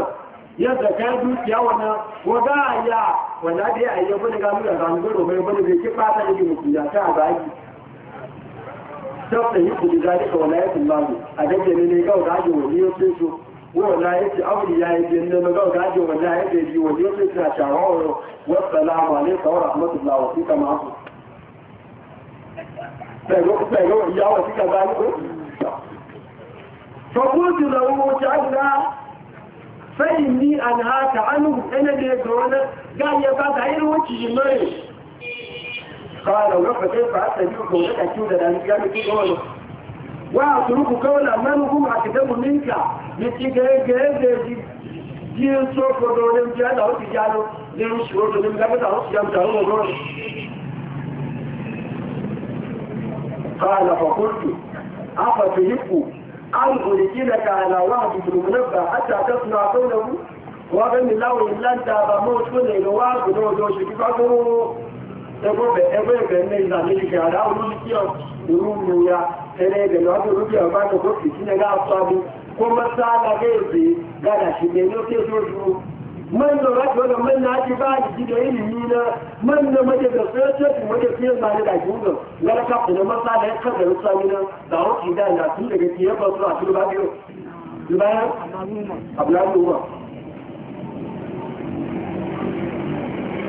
yadda kai dukiya wannan wa ga ya wala dai ayyuka ne ga mu da zan gudu mai bane bai ki fata da ki mutiya ta baki sọ́pẹ̀ yìí kò dìgbà ní kọ̀wọ̀lá ẹ̀kùn láàrù àdẹ́jẹ̀ nílé gáwọ̀dá àjòwò ní ó tó so wọ́wọ̀lá ẹ̀kùn áwùdíyà ẹ̀jẹ̀ nílé ní ní so àṣàrọ̀ ọ̀rọ̀ wọ́pẹ̀lá àwọn àlẹ́kọ̀ọ́ ọ̀rọ̀ àmọ́tòlá wọ̀ sí kàmá kù pẹ̀lú ìyàwó sí kàmá kù فقلت له تعالى فإني قال وكيف أتبعك وتأتيك لأن كان في قوله وأترك قول من هم أكذب منك مثلك هيك tí ó tó kọ̀dọ̀ orí oúnjẹ àdáwó ti já ló ní oṣù oṣù ní gbẹ́gbẹ́ta ó ti já mìtà lóòrùn lóòrùn kààlà fọ̀kúrùtù afẹ́fẹ́ yípo alùpùpù kí lẹ kààlà wà àdìgbò mẹ́fà àti àtẹ́sùn àtọ́lẹ̀wú wọ́n ẹgbẹ́ ẹgbẹ́ ní ìlànà àdá olóòtú ìrú mu ya ẹ̀rẹ́ ẹgbẹ́ lọ́dún olóòtú ọba tó kó kìí sílẹ̀ náà sọ abú kó mọ́ sáàlá gẹ́ẹ̀dẹ́ gàdà sí ní ẹni ó ké sójú mọ́nà láti ọ̀dọ̀ mọ́nà á ti bá àdìsílẹ̀ ìlú ní iná mọ́nà mọ́jẹ̀ bẹ̀rẹ̀ sọ́ọ́sì mọ́jẹ̀ fi ẹ̀ma ní àjùmọ̀ lọ́lọ́kà kùnà mọ́sálẹ̀ ẹ̀kọ́bẹ̀ ń sọ nínú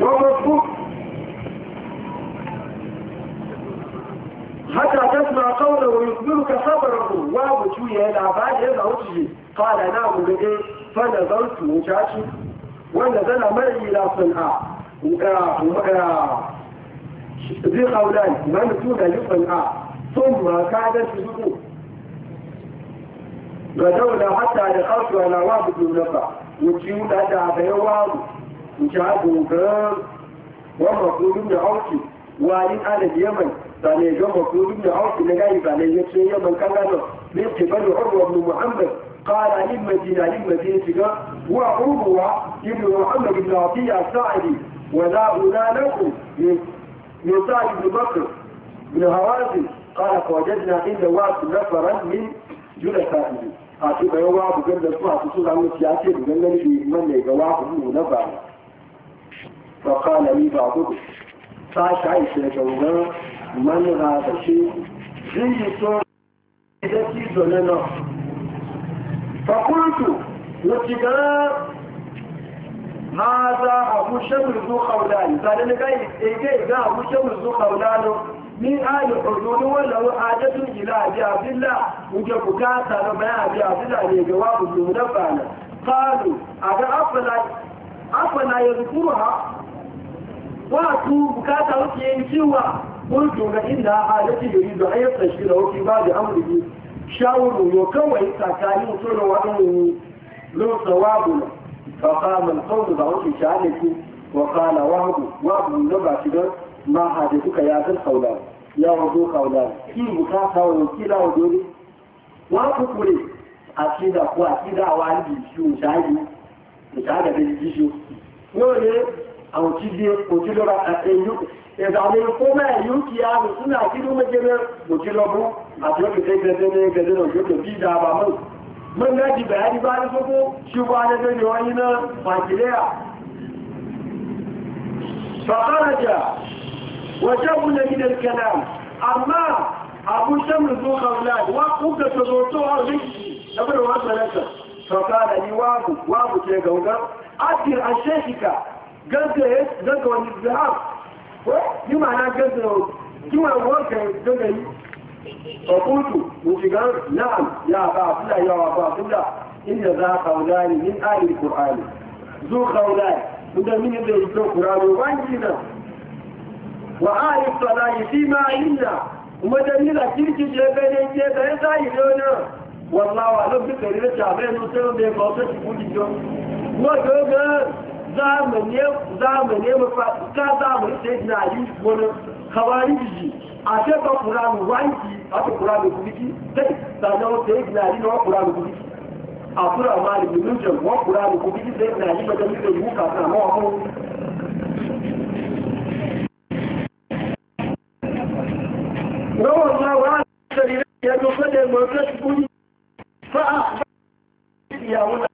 làwọn kì haka tasma qawla wa yukhbiruka sabrahu wa mutu ya labari ya zauti fala na mu gade fa na zauti mu chachi wanda zana mai ila sun'a ga mura zai qawlan man tu da sun'a thumma ka da tuku ga dawla hatta da qawtu ala wa bidu nafa mutu da da bayawu mu chabu ga wa mutu da auki wani adad yaman sane ga mafi ibn auf na gari ba ne yace muhammad قال للمدينة للمدينة هو عروة ابن محمد بن عطية الساعدي ولا أولى لكم من سعد بن بكر بن هوازن قال فوجدنا عند واحد نفرا من جلسائه أشوف يوم واحد جنب الصبح تصور عنه سياسي بجنب من لي sasha ishe gangan manra da shi zai yi so da ki zone na fakultu na shiga ma za a kushe murzu kaulani zane na ga ike ga a kushe murzu kaulani ni ali urduni wallahu ajatun ila abi abdullah uje bukata na bayan abi abdullah ne jawabu mu da bana qalu aga afala afala yadhkuruha وأتوا بكاتا وكي سوى قلت فإن حالتي يريد أن يستشيره في بعض أمره شاوروا يكوى سكاني صلى وأنه له ثواب فقام القوم بعض شعلته وقال وهب وهب نبع كده ما حدثك يا ذا الخولان يا وضو خولان في بكاتا وكلا ودوري وهب كوري أكيد أكو أكيد أوالي شو شاهدي شاهد بالجيشو يقول àwòtílé òtílọ́ra ẹ̀yú ìdàlẹ̀ ìfọ́mẹ́ ẹ̀yú kí a rò sínú àkílú méjèlé òtílọ́bún àti òkèké gẹ̀ẹ́gẹ̀ẹ́ gẹ̀ẹ́gẹ̀ẹ́ òjòjò bí ìdàbà mọ́ mọ́ lẹ́jì bẹ̀ẹ́ ní bá ní fókó ṣíwá lẹ́gbẹ́ ni wọ́n yíná nàìjíríà sọ̀kọ́rẹ̀jà wọ́jẹ́ wúlẹ̀ nílẹ̀ kẹlẹ̀ àmà àbúṣẹ́mù tó kọ̀ọ̀lẹ̀ wọ́n kú kẹsọ̀rọ̀ tó wà lẹ́yìn ẹgbẹ̀rẹ̀ wọ́n sọ̀rẹ̀ sọ̀kọ́rẹ̀ ni wáàbù wáàbù tẹ gàúgá á ti àṣẹ́ ìkà gẹ́gẹ́ gẹ́gẹ́ wọn ni zihar ní ma na gẹ́gẹ́ wọn kí wọn wọ́n kẹ́ gẹ́gẹ́ yìí ọkùnrin òṣìgán náà ya bá àfúlà ya wà bá àfúlà inda za ka wùláni ní ayé kùránì zo ka wùláni inda mini da yi don kùránì wani gina wa ayé sọlá yìí fi máa yìnà kuma da nila kirki je bene je da ya sa yi dona wallawa lọ bí kẹrìí rẹ̀ tàbí ẹnu sẹ́rọ̀ bẹ́ẹ̀ kọ́ sẹ́sì kú jìjọ wọ́n gbẹ́gbẹ́ zamani zamani mafa ka zamani sai na yi wani kawari jiji a ce ba kuranu wanki a ta kuranu kubiki sai sannan wata yi na yi na wa kuranu kubiki a kura mali domin jan wa kuranu kubiki sai na yi madan da yi muka na mawa mu rawar na wa shari'a ya dofa da mafi kuni fa'a ya wuna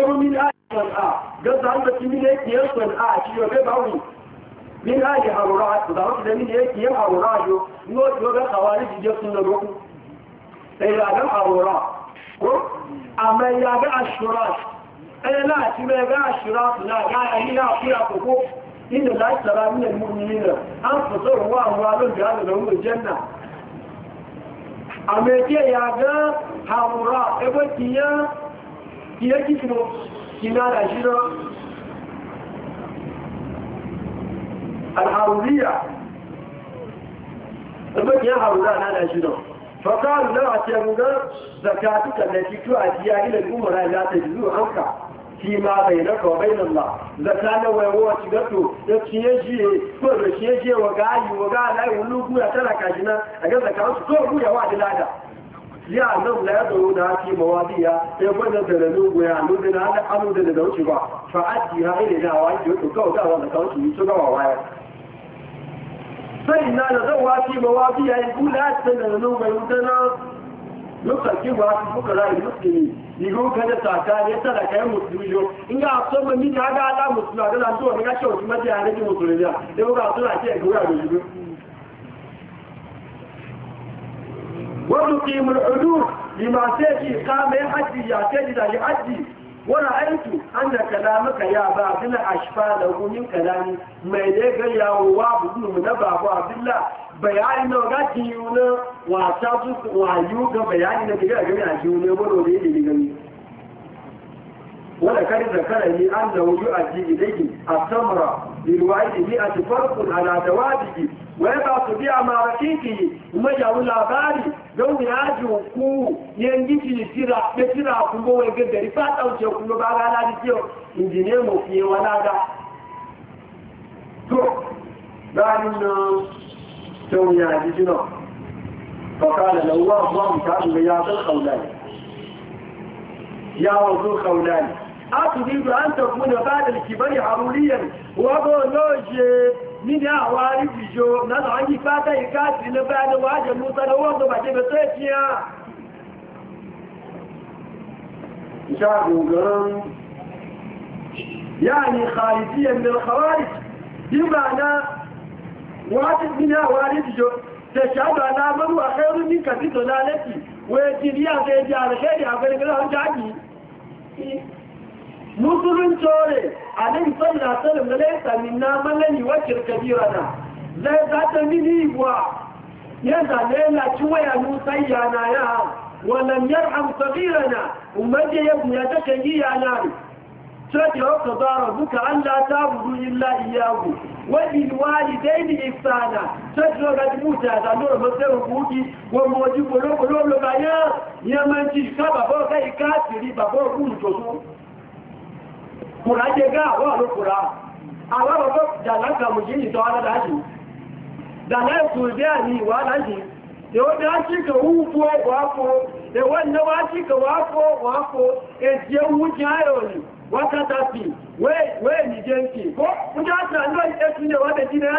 tsoro min ayi san'a don za mu ci min yake yan san'a shi yau bai bawu min ayi harura za mu ci da min yake yan harura yo no to ga kawari ji je sun da roku sai ya ga harura ko amma ya ga ashura ai la ci mai ga ashura na ga ai na kura ko ko inda la tsara min mu'minina an fasar wa wa don da da mu janna amma ke ya ga harura ebe kiyan kí é kí kí kí náà ṣíná al'aruriya ẹgbẹ́ kí á haruna náà ṣíná fọ́kàrù náà àti ẹgbùgbà zakatuka na títú àti ya ilẹ̀ gúnmọ̀ra ìlàtà ìlú hanka fi ma bai na kawai nan ba zaka na waiwa ci gato ya ciye shi ko da ciye shi wa gayi wa ga alayi wani guya tana kashina a ga zaka wasu to guya wa dilada 你啊，都来到阿吉毛阿弟啊，要问到这个路规啊，路在哪呢？阿路在哪？到处逛，说阿吉啊，这里好玩，就到高家湾的小区去逛逛。所以呢，这个阿吉毛阿弟啊，不了解这个路规，不知道路怎么走啊，也不晓得咋开，也晓得开摩托车。人家专门每天开大摩托车来坐，人家小区嘛，就开那个摩托车嘛，就到自来水厂去游泳。wani ƙimin ɗudu di masu yaji kamayin ajji ya ce wani aiki an da kalamuka ya ba zina a shifa da gumin kalami mai da ya gaya wa buɗu na babu a billa bayani na ga jiyu na wata su wayu ga bayani na gida gami a jiyu ne wani wani ne gami wani kari da karami an da wuju a jiyu da ke a samura ilwa a tufarkun da wajibi wanda su biya marakinki majalun labari don yaji ku yanki filistira da tira kun gowa ga gari fa ɗauke kuma ba ga ladi kiyo injine mu fiye wala da to ganin na don yaji jino to kala da uwa ba mu ta ga ya san kaulani ya wazo kaulani a tudidu an takuna ba da kibari haruriyan wago loje من أعوارب الجوم نضع نفاتا يكاتل لبعض واجه المتنوض وبعد بسيتيا شعبوا قرام يعني خارجيا من الخوارج بمعنى واجد من أعوارب الجوم تشعب على من وخير منك في ضلالتي ويجريها سيدي على خيري عبر الله جعجي musulun tore a nan sallah sallam da laisa minna mallani wakil kabira na zai za ta mini buwa ya zane na ci waya nusai yana ya wannan yar amsabira na umarje ya buya ta kan yi yana ne sai wa ka zara duka allah ta budu illa iyahu wani walidai ni isana sai wa ga muta da lura masai hukuki wa moji kolo kolo lo bayan yamanci ka babo kai kafiri babo kun to kùrá jẹ gá àwọn àrùn kùrá alárọ̀gbọ́ jàlákà mùjí ìtọ́ aládájì dàlá ìdí àní ìwà a kà wú fún ọgbọ̀ afọ́ èwọ́ ni kà wá fọ́ ọgbọ̀ ewu jẹ́ ayọ̀lì wákàtà fi wéè ní jẹ́ nkì kó àti àlọ́ ya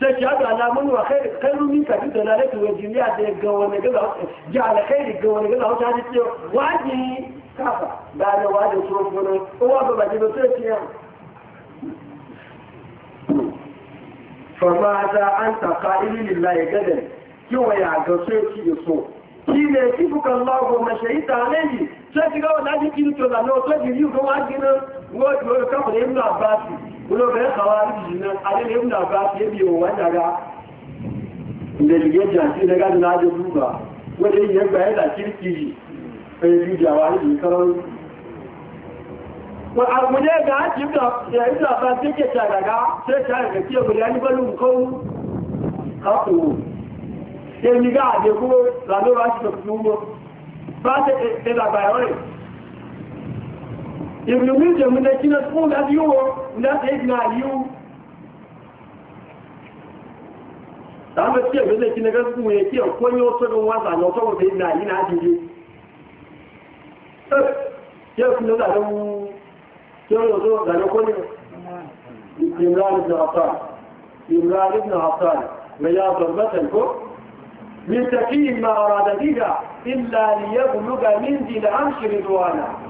تجعل على من وخير خير منك في دلالته والجميع جوانا قلعه جعل خير جوانا قلعه شهادة له وعدي كافة بعد وعد وصروف منه هو أبا بعد بسرعة فماذا أنت قائل لله قدر كيف يعقصي في يصور كيف يكفك الله وما شهدت عليه شهدت قوة لا يمكنك لأنه تجري وكما أجنى وكما أجنى kulo ga khawarij nan ale ibn abbas ya biyo wanda ga da lige jasi daga na ji duba wanda yin ya da kirki sai jawa ne karon wa almuje ga ya ta daga sai ta ga kiyo ga yani balu ko kafu sai mi ga de ko lalo ba shi ta ba ta da ابن ملجا من الجنة تقول هذا يوم ولا سيدنا اليوم تعمل كيف من الجنة تقول هي كيف كون يوصل ووضع يوصل سيدنا اليوم عادي طيب، كيف كنا نعلم كيف يوصل نعلم كون إمران بن عطان إمران بن عطان ويا ضربة الكفر من تكيل ما أراد بها إلا ليبلغ منزل العرش رضوانا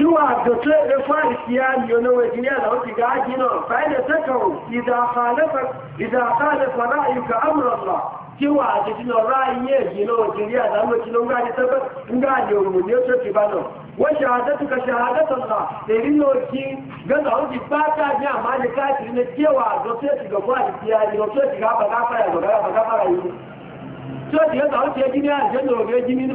zuwa ga da farisiya yanawa jiniya da wata gaji nan fa'ida ta kawo idan khalafa ra'ayuka amurallah cewa a cikin ra'ayin yin jino wa jiniya da amma cikin gani ta kan gani wa mun yau ba nan wa shahadatu ka shahadatan la da riyo ki ga da ba ta ji amma da kafiri ne cewa zo sai ki ga farisiya yo sai ki ga ba ga fara ga ba ga fara yi sai ki ga da wuce jiniya da jino ga jini ne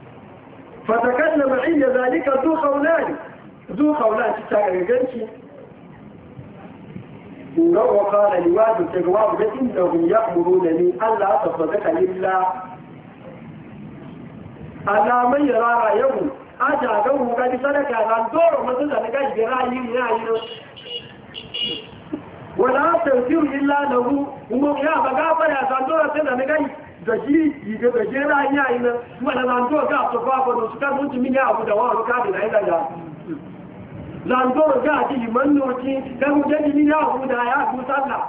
فتكلم عند ذلك ذو قولان ذو قولان تتاقرقنشي وقال لواد التجواب إنهم يأمرونني ألا أتصدق إلا ألا من يرى رأيه أجاده قد سلك عن دور مثلا نقاش برأيه رأيه ولا تنفر إلا له هو يا بقى فرع عن سنة نقاش da shi jide da jera ya yi nan kuma da zanto ga su fafa da su kan mutu mini abu da wani kadi na yana da zanto ga ji liman noci da mu jadi mini abu da ya ku sallah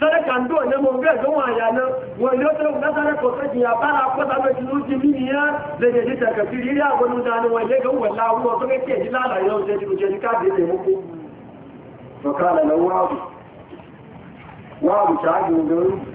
sadaka ndo ne mo ga ga waya nan wani yau sai na tare ko sai ya fara ko da mai nuci mini ya da jadi ta kafiri ya gonu da nan wani ga wallahi ko sai ke ji lala yau sai ku je ka bi ne muku fa kana lawabu wabu ta ga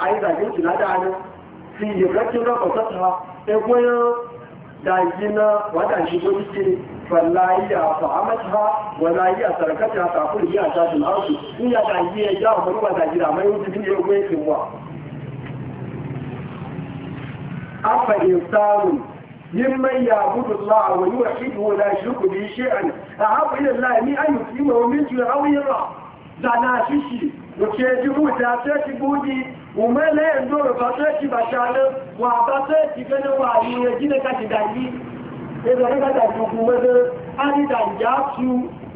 aizagin kilada ne fi yagacin rafa sassa egwayo da gina wadda shi gudu ce fallayiya fa'amata walayiya sarakata ta kuri ya ta jin arzu in ya da yi ya ja wa ruwa da gida mai wuce fi egwaye kinwa afa insanu ممن يعبد الله ويوحده ولا يشرك به شيئا احب الى الله ان من جوع او يرى زعنا Òkèèjì mú ìtẹ́ àtẹ́ẹ̀kì gbóòdì, òmẹ́lẹ́ ẹ̀ndó rẹ̀ bá tẹ́ẹ̀kì bàṣà náà, wà bá ẹgbẹ̀ nígbàtà tuntun mẹ́tẹ́ ánìdà ìyá tu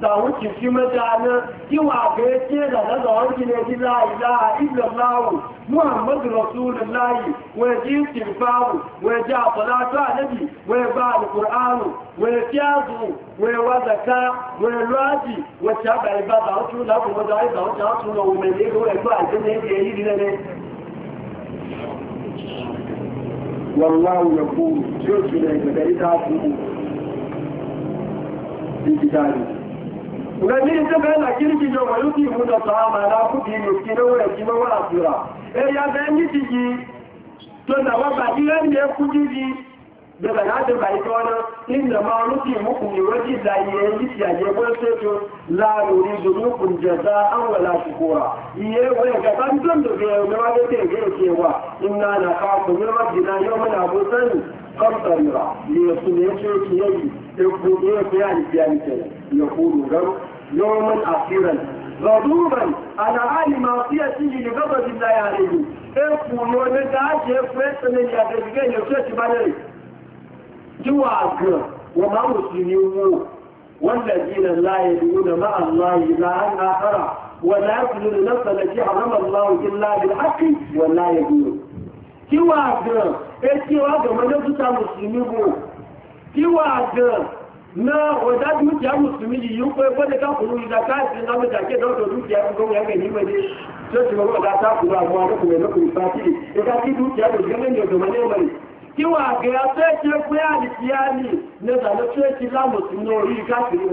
tàwọn kì fi mẹ́ta aná tí wà bẹ́ tí ẹ̀dàdàdà wọ́n jí lẹ́jí láìlá ìlọ̀láwò muhammadu rasulullahi wọ́n jí tìrìfáwò wọ́n jí àpọ̀látọ́ àlẹ́bì wọ́n bá alùkùránù wọ́n tí àzù wọ́n wá zaka wọ́n lọ́ájì wọ́n tí àbàlẹ̀ bá bá ń tún láàpù mọ́ta àìbà ń tún والله يقول شوف لك بريدها فيه بجداري ولكن تبقى لكن في جوهر يجيبون الطعام على كبه يسكنه ويجيبه ولا صراع إيه يا بني تجي تنوى بعدين يكون جديد da bayanin bai ta wani inda ma nufi muku ne waje da yi yi ci a jebon sojo larori da nufin jaza an wala shi kora iye wani gaban don da zai na wani ta yi cewa ina na kafa ne majina yau muna busan kamtarira ne su ne ce ki yayi da kuma ya fi yani biyan ke ya kuru gam zuwa ga wa ma musulmi mu والذين لا يدعون مع الله إلها آخر ولا يقتلون نفسا التي حرم الله إلا بالحق ولا يدعون كيوا غان اتي وا غان ما نتو تا مسلمي بو كيوا غان نا ودا دو تي مسلمي يو كو كو دكا كو يدا كا سي نا متا كي دو دو تي ام غو يانغ ني مدي تو تي مو دا تا كو وا مو كو مي نو كو فاتي اي كا تي دو تي ادو غان ني دو ما ني مالي kí wà gẹ̀rẹ́ tó ẹ̀kẹ́ pé àdìsíyàní lẹ́sàlẹ́ tó ẹ̀kí lámòsí ní orí káàkiri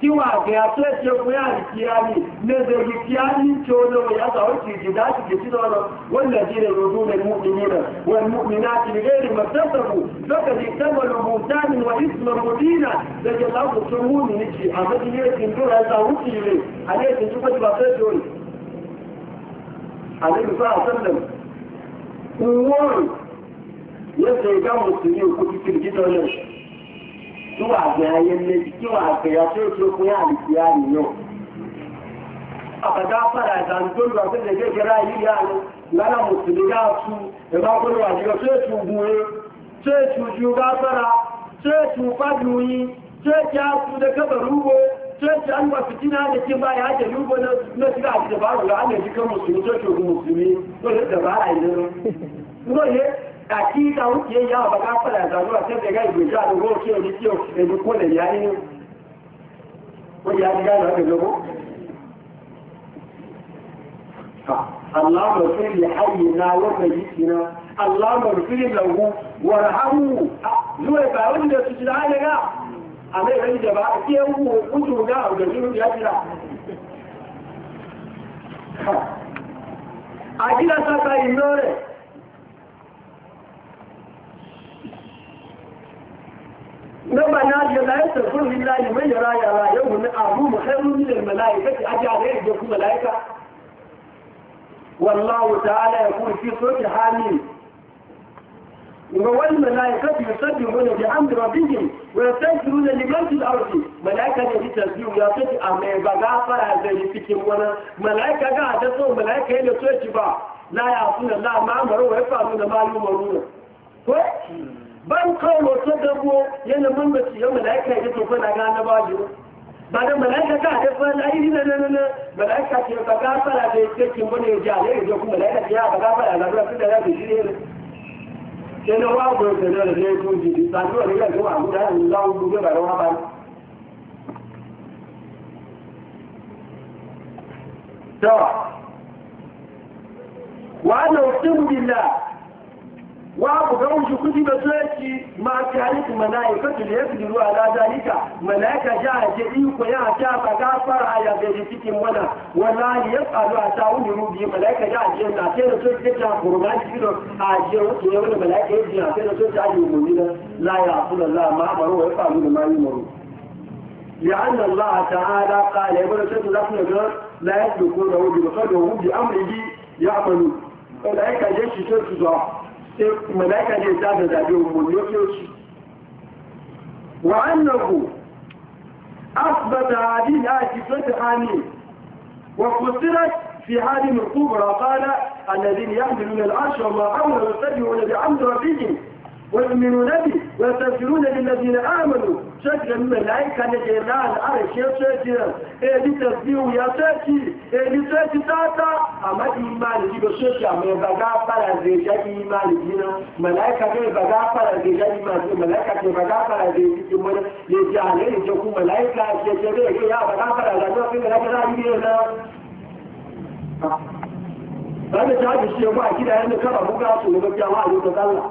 kí wà gẹ̀rẹ́ tó ẹ̀kẹ́ pé àdìsíyàní lẹ́sàlẹ́ tí a ní tí ó lọ́wọ́ yàtọ̀ ó ti jìdá ti jì sí lọ́rọ̀ wọ́n lè jí rẹ̀ rọ̀dún lè mú mi nínú wọ́n mú mi náà ti rẹ̀ rí mọ̀tẹ́sọ̀kù lọ́kẹ̀lẹ̀ tẹ́gbọ̀lù mú dání wọ́n ìsìnà mọ̀dínà lẹ́jẹ̀ láwùjọ tó mú mi ní ti àbẹ́jì ní èsì tó rẹ̀ sàwùn ti rẹ̀ àlẹ́ èsì tó pẹ́jù bàtẹ́ tó rẹ̀ àlẹ́ ìfẹ́ àtẹ́lẹ̀ wọ́n yadda ya gama su ne kuɗi kirgitar nan zuwa ga yayin ne zuwa ga ya ce ce kuma alkiya ne yau a kada fara zangon da wata da ke kira yi ya ne lana musulmi ya su da ba kuma wa shiga ce su buwe ce su juga fara ce su faduyi ce ya su da kaba rubo ce su an ba fitina da kin ba ya ke rubo na shiga a cikin baro da àkíkà ó kìí yá ọ̀bàká pẹ̀lẹ̀ àtàdúrà tí ó tẹ̀gá ìgbèjá àdúgbò kí o ní tí o èdè kó lè yá nínú ó yá ní gáàlá ìlọ́gbó aláàmọ̀ fún ilẹ̀ ayé náà wọ́n fẹ̀ yìí sí náà aláàmọ̀ fún ilẹ̀ wù wọ̀n hàmù lúwẹ̀ bá ó nílẹ̀ tuntun náà àmì ìrẹ́ ìjọba tí ó wù ó jù náà ọ̀dọ̀ nínú ìyá jìlá àjílẹ̀ sáta ìlú rẹ̀ لما نادي لا يستغفر لله من يرى يرى يوم عظيم خير من الملائكة أجعل يجيك ملائكة والله تعالى يقول في صوت حامين والملائكة يسبحون بحمد ربهم ويستغفرون لمن في الأرض ملائكة يجي تسبيح يا صوت أما يبقى فرع زي فيكم وانا ملائكة قاعدة صوت ملائكة هي صوت لا يعصون الله ما أمروا ويفعلون ما يؤمرون ban kawo wata dabo yana mamaci yau mala'ika ya tofa na gane ba yi ba da mala'ika ka haifa na yi na na na mala'ika ce ba ka fara da ya ce bane ya ji a ne ya kuma mala'ika ce ya ba ka fara da ruwa da ya fi shi ne sai na wawo da wata da ya zo ji ba zuwa da ya zuwa abu da ya zuwa abu da rawa ba to wa na utum wabu ga wuce kudi da tsoyaki ma ka yi su mala'ika su da ya fi ruwa na zalika mala'ika ja a ce iko ya ta fara ya bai da cikin wana wala ne ya tsaro a ta wuni rubi mala'ika ja a ce na sai da tsoyaki ta kuma ji fito a ce wuce ya wani mala'ika ya jina sai da tsoyaki a yi umarni na laya a kula la ma baro ya faru da ma yi maro. لأن الله تعالى قال يا بني سيدنا لكن لا يسلكون وجه بقدر وجه أمره يعمل أولئك جيش سيدنا ملائكة الإنسان ذاتهم مليوش وأنه أثبت هذه الآية صفة حامين وفسرت في هذه الكبرى قال الذين يحملون العرش وما حوله يتبعون بحمد ربهم ويؤمنون به ويستغفرون للذين امنوا شكل الملائكه لجلال عرش يا شكل ايه دي تسبيح يا شكل ايه دي شكل تاتا اما ايمان دي بشكل اما بغا فلا زي ايمان دينا ملائكه دي بغا فلا زي ايمان دي ملائكه دي بغا فلا زي ايمان دي جعل دي تكون ملائكه شكل ايه يا بغا فلا زي في ملائكه دي دينا هذا جاء بالشيء ما كده يعني كما بقى سوى بقى ما يوجد الله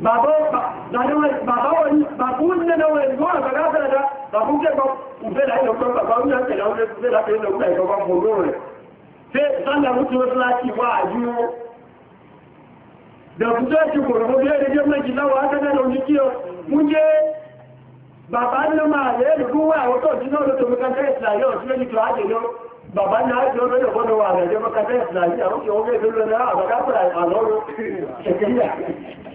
bàbá ó ní ẹ̀nà wọn ìwọ̀n àgbàgbà bẹ̀rẹ̀ bàbá ó kẹ́kọ̀ọ́ ìfẹ́ láìlọ́ pẹ́ bàbá ó ní ẹ̀kẹ́ láwọn ẹgbẹ́ láti ẹ̀lọ́ pẹ́ ìkọ̀kọ́ fún olóòrùn rẹ̀ fẹ́ sáńdà mú tí ó sí láti wá àjú dẹ̀kùtọ́ ti kòrò mú bí ẹ̀rẹ́gẹ́ méjì láwọn akẹ́kẹ́ lọ ní kí ọ mú jẹ́ bàbá ní ọmọ àlẹ́ ìlú wà àwọn tó dínà lọ́tọ̀ mẹ́kàtẹ́ ìsìláyé ọ̀tún lẹ́yìn tó ájẹ́ lọ bàbá ní ájẹ́ ọmọ ẹ̀lẹ́ ọgbọ́n wà àrẹ̀jẹ́ mẹ́kàtẹ́ ìsìláyé àwọn kí ọmọ ẹ̀lẹ́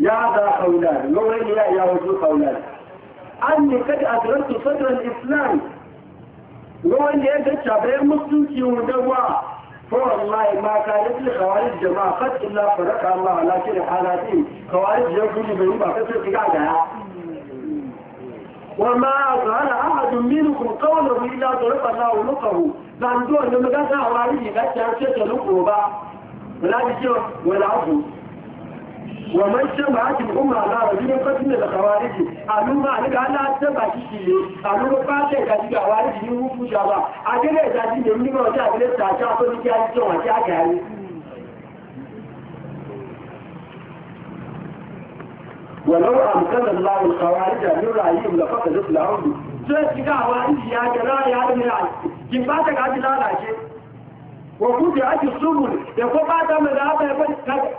يا ذا قولان نورين يا يا وجوه قولان أني قد أدركت صدر الإسلام نورين يا ذا شابير مسلوكي ودوا فوالله ما كانت لخوارج جماعة قد إلا فرق الله على كل حالاتي خوارج يقولي بهم أفتر قاعدة وما أظهر أحد منكم قوله إلا ضرب الله لقه لأن دون لما قال خوارج قد شابير لقه ولا بشيء ولا عفو wa man shaba haki umma na wa bi ko tinda da kawariji alu ma ni ga Allah ta ba shi ne alu ko ba ta ga diga wariji ni hufu jaba agele da ji ne ni ma ta agele ta ta to ni ya ji to wa ta ga ولو أمكن الله الخوارج أن يرعيهم لفقدت العود sai shiga a wani ya gara ya dame a kin ba ta gaji lalace wa kuke ake subul da ko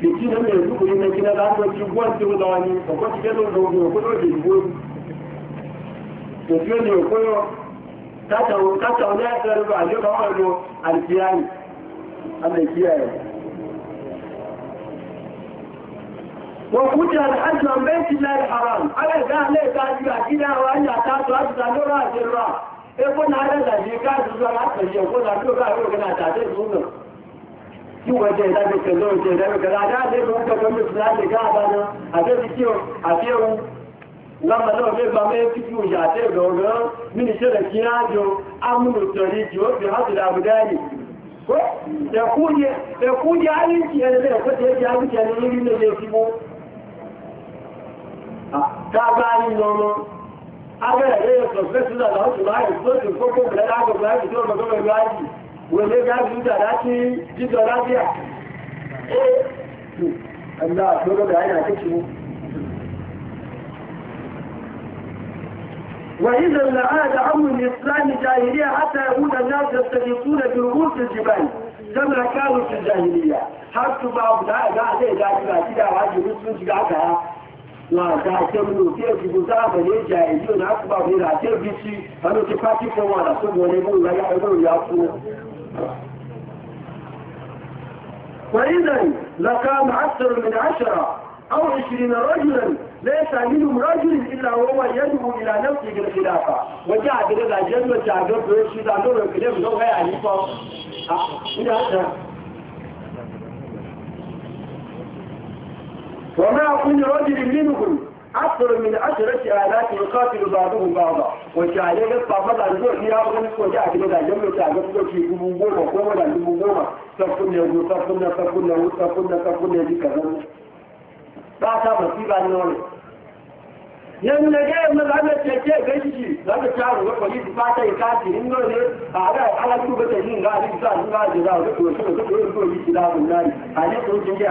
jiki na mai zukuri na gina da aka ci gwan ce da wani a kwanci gano da wani kudu da igbo to fiye ne koyo ka tauni a tsari ba a je ka wani alkiyani allah kiyaye wa an haram ala ga ta ji a gida wa an ta to a ta a jirra e ko na da da je ka zuwa a tsaye ko na to ta kí wọ́n jẹ́ ìdájọ́kẹ̀ lọ́wọ́ jẹ́ ìdájọ́kẹ̀ láàájá lè mọ́ pẹ̀lú ọmọ ìsìnlá lè gá àbáná àbẹ́bí tí ó àti ẹ̀hún lọ́mọ náà lè bá mẹ́ títí òyà àti ìrọ̀rọ̀ mínísẹ̀rẹ̀ kí á jọ amúlòtọ̀rí jù ó fi hásìlá àbúdáyì ẹ̀kúyẹ àríkì ẹ̀lẹ́lẹ́ ẹ̀kọ́ tí ó di àríkì ẹ̀lẹ́lẹ́ nílé ilé ìfimó kágbáyé lọ́rọ̀ abẹ́rẹ̀ lẹ́yẹ̀ sọ̀fẹ́sílẹ̀ láti máa ẹ̀kọ́ i reaka ya ụaaa na t ei i فإذا لكان أكثر من عشرة أو عشرين رجلا ليس منهم رجل إلا وهو يدعو إلى نفسه بالخلافة وجاء بلد أجل وجاء بلد وشيد عن نور الكلام لو هي عنيفة وما كل رجل منهم أكثر من عشرة آلاف يقاتل بعضهم بعضا وشعليه يطلع مدى الجوع فيها أغنى سوى جاء في مدى الجمع تعمل سوى في جمهورة ومدى الجمهورة تفكنا يقول تفكنا تفكنا تفكنا تفكنا دي كذلك بعد مصيبة النور yan na ga yamma za mu cece ga shi za mu tsaro ga kwali su fata ya kaci in dole a ga ala duba ta yin ga ali sa ga da za ga to shi da to yi da mun nari a ne to jiya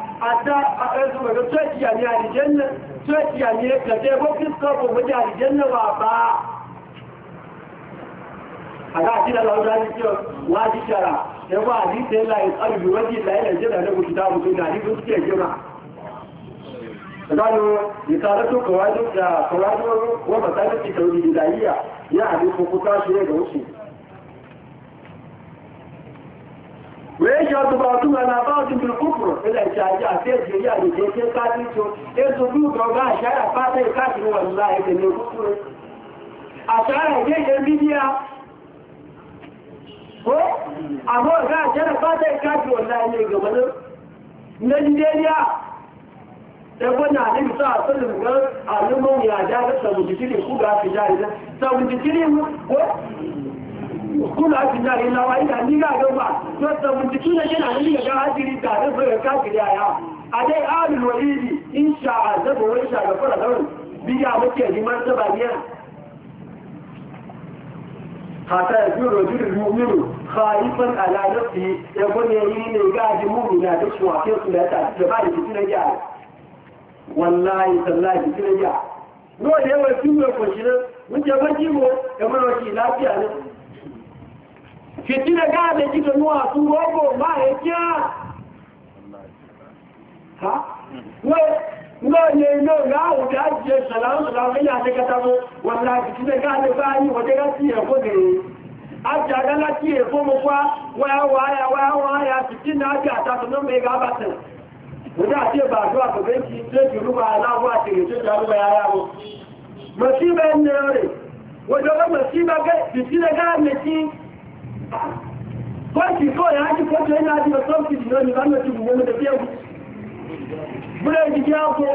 ata a ƙarsu maga tsokiya ne a rijanna tsokiya ne ka ce ko fiskar ko a rijanna ba ba a ga shi da lauda ne ce wa shara ya ba a jita yana yin tsarbi waje da yana jira na gudu ta mutu na rikun suke jira tsakanin misalatu kawai da kawai wa masalatu tauri da iya ya a ko kuka shi ne ga wuce ويجعل بعضها على بعض بالكفر إلى الجاجة في الجريان الجيش الكاتيشو يصدوك وما شاء فاتح كاتل والله من الكفر أشعر الجيش الميديا ko amma ga jana ba ta kafi ga na a ku ga kuna billahi la wa ila ni ga ba to tabbutu da yana da liga ga hadiri da da fara kafiri aya adai alul walidi insha Allah da wai sha ga fara dawon biya muke ji man ta baniya hata ya ji rojul fitina gane gidan nuwa sun rogo ma ya kya inú láàrùn tí a ṣàlàrùn ṣàlàrùn ilẹ̀ àtẹ́kẹtàmọ́ wọ́n láti tí lẹ́gbà lè bá ní ẹ̀kọ́ gẹ̀ẹ́ ajàdá láti èkó mọ́ wá wáyáwáyá wáyáwáyá sí tí náà kwanci kawai ya haji kwanci yana haji da sauki da zai zama cikin wani da fiye bude jiki ya ko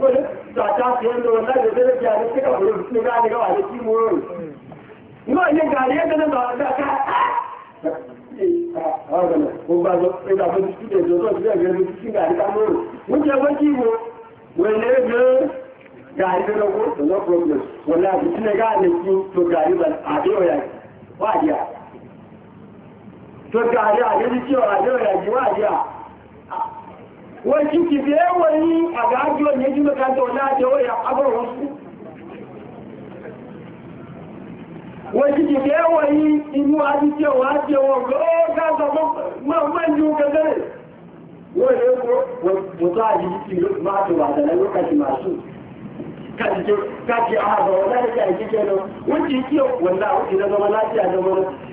wani tata su yadda wanda da zai ya ne suka wuri su ga ne gawa da kimo tó ga ayé àyébí tí ọ̀rọ̀ ayé rẹ̀ yíwá ayé à wọ́n tí kì bí ẹwọ́ ní àgájú òyìnjú mẹ́kàntọ̀ láti ó yà agbọ̀rọ̀ sí wọ́n tí kì bí ẹwọ́ ní inú ajú tí ọwọ́ ájí ọwọ́ lọ́gbàtọ̀ mọ́jú gẹ́gẹ́rẹ̀ wọ́n lè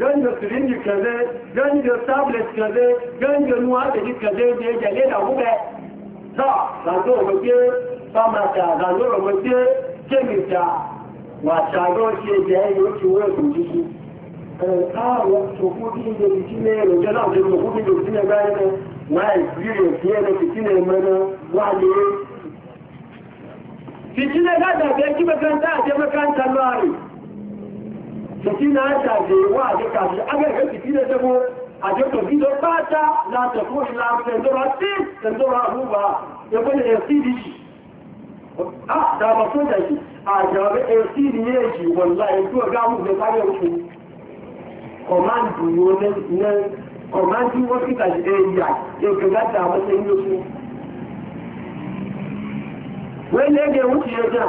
ganga sirinji kaze ganga tablet kaze ganga nuwa da ji kaze da ya gale da kuka ta zanzo rogoke famata zanzo rogoke kemita wa shago ce da ya yi wuce wurin sun ji su eh, kawo tsokokin da biki ne rojo na wajen tsokokin da biki ne bayan na wa experience ne da biki ne mana wa ne fitine ga da bai ki makaranta a je makaranta lori se de de fitina ṣàgbèrèwà àjẹ́kàṣì agbẹ́gbẹ́ fitina ṣẹ́gbó àjẹ́kọ̀ bí lọ pátá látọ̀kún ìlà tẹ̀ndọ́ra tí tẹ̀ndọ́ra àrúwà ẹgbẹ́lẹ̀ ẹ̀sìdì wọ́n lẹ́gbẹ̀ẹ́ wọ́n ti yẹ jẹ́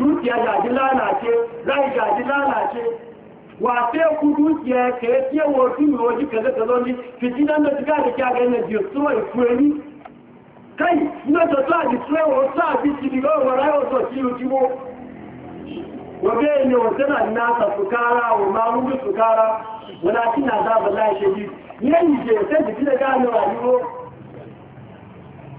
dukiya gaji lalace rai gaji lalace wa sai ku dukiya ka yi tiye wa wasu mai waje ka zaka zo ni fiti nan da shiga da kyaga yana jiya suwa ya kuwa kai ina ta sa di suwa wa sa bi ci diga wa rai wa sa ci yi wa bai ne wa tana nasa su kara wa mamungu su kara wadatin na za ba za a shi yi yanyi je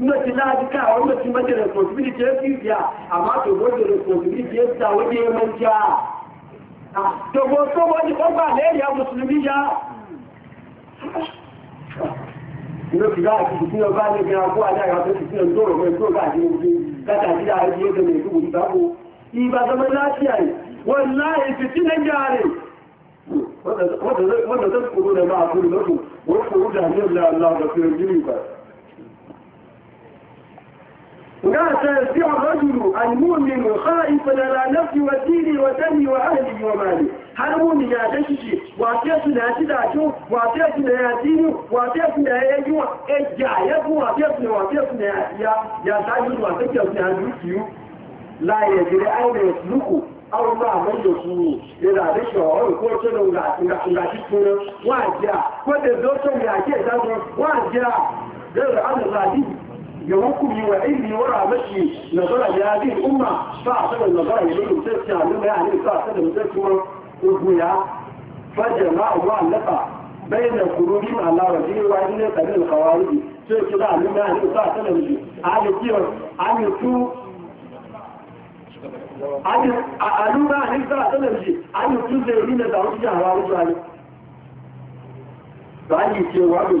noti ladi kawo noti mace responsibility ya fiya amma to go da responsibility ya sa wani ya manja ah, to go so wani kwamba ne ya musulmi ya noti za a ci cikin yau ba ne ga ko a da ya ta cikin yau zoro mai zoro ba ji mutu ka ta ji da ya ji da mai kubu ba ko i ba zama lafiya ne wallahi fitinan yare a kuro da ku wani kuro da ne ناسا يسيع الرجل المؤمن خائفا على نفسه ودينه ودمه واهله وماله هل مؤمن يا دششي واتيتنا تداشو واتيتنا يا دينه واتيتنا يا ايوه اجا يبو واتيتنا واتيتنا يا يا ساجد واتيتنا يا لا يدري اين يسلكوا àwọn ọmọ àwọn ìlòsùnwò lèrà àdéṣọ ọ̀rùn kó tó lọ ìràṣí túnra wọ́n àjẹ́ à kó tẹ̀sí ó tó يوكم وعيدي ورع مشي نظرة لهذه الأمة فأعطوا النظرة يليه مسلسة عملها يعني فأعطوا مسلسة وزميها فجمع الله لقى بين قلوبهم على وجه وعيدين قبل الخوارج سير كده عملها يعني فأعطوا مسلسة عالي كيرا عالي تو عالي أعلوما يعني فأعطوا مسلسة عالي تو زيرين دعوتي جهة وعالي فعالي كيرا وعالي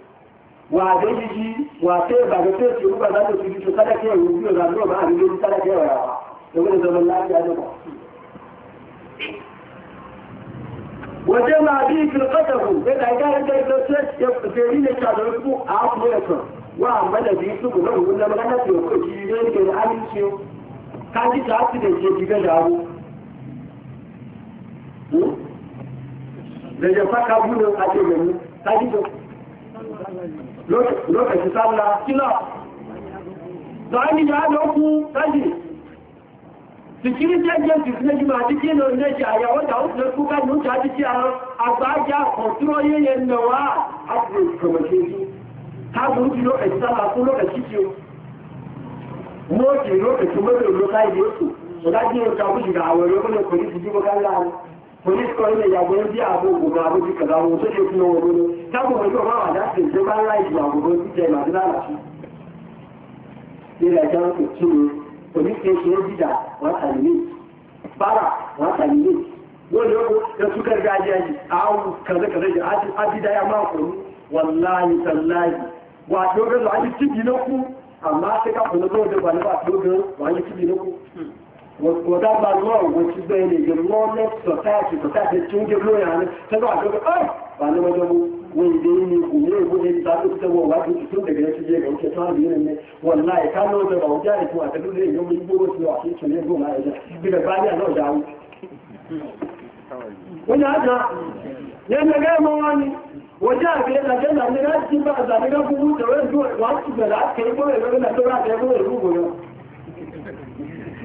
wà á dé yíyí wà á tẹ ìbàdàn tẹ ìṣòro bàbá tó ti di tó sádàkẹ́ ẹ̀rọ bí ọ̀gá náà máa rí lórí sádàkẹ́ ọ̀rọ̀ wa ẹgbẹ́ ìjọba láti àjọpọ̀. wọ́n jẹ́ máa bí ìfìlẹ̀ pẹ́tẹ̀kù nígbà ìdá ìdá ìdá tó ṣe ṣe rí lè ṣàdọ̀ fún àápù ẹ̀sán wà á mẹ́lẹ̀ bí ìṣòro náà wọ́n lọ́mọ láti òkú ìṣirí lé ìgbẹ̀rẹ̀ áníṣe kájíta á sì lè ṣe ìgbẹ́ ìdáwó. lẹ́yìn pákà búrò àti ìrẹ̀mú kájíta lọ́fẹ̀ẹ́ ti sáwọ́lá kílá láàrin àádọ́ kú tẹ́jì sìkírí jẹ́jẹ́ ti fi lẹ́jì máa díkí lọ lẹ́jì àyàwó tàó ti lẹ́kú ní oúnjẹ́ àdíkí àgbájá ọ̀túrọ̀ yẹ́yẹ nọ̀wá àpùrù ìfọ̀mọ̀ṣẹ́ police kọ́ ilẹ̀ ìyàwó ẹbí ààbò ògùnmọ̀ àbójú kẹta àwọn tó ṣe fún ọwọ́ lónìí dábò pẹ̀lú ọmọ àwọn àdáṣe tó bá ń láì jù àgbògbò jíjẹ ìmàdínà àti ilẹ̀ ìjọba kò tí ni police kẹ́ ṣe é jìjà wọ́n tàbí lè oh, bára wọ́n tàbí lè wọ́n lè kó ẹtú kẹ́rẹ́gá jẹ́ yìí àwọn kẹ̀lẹ́kẹ̀lẹ́ yìí adídáyà máa kọ̀ ní wàláyì tàláyì wọ̀dá bá lọ́ọ̀ wọ́n ti bẹ́ẹ̀ lè yẹ lọ́ lẹ́sọ̀ táàkì tó táàkì tí ó jẹ́ lóyè àná tẹ́lá àjọyọ̀ ọ́ọ̀ bá ní wọ́n jọ́mú wọ́n ìdè ní òwe ìwé ní ìta tó tẹ́ wọ́n wájú tó bẹ̀rẹ̀ sí jẹ́ ẹ̀rọ ìṣẹ́ tó àbí ẹ̀rẹ́ wọn láì ká lọ́ọ̀ bẹ̀rẹ̀ ọjà ètò àtẹ́lúlẹ̀ ìyọ́ mi gbówó sí wà fún ìtòlẹ́ ìgbó máa ẹ̀jẹ̀ bíbẹ̀ bá ní àná ọjà wọn. ó ní àjọ yẹn gẹ́gẹ́ mọ́ wọn ni wọ́n jẹ́ àgbẹ̀ ẹ̀jẹ̀ náà ní láti bá àgbà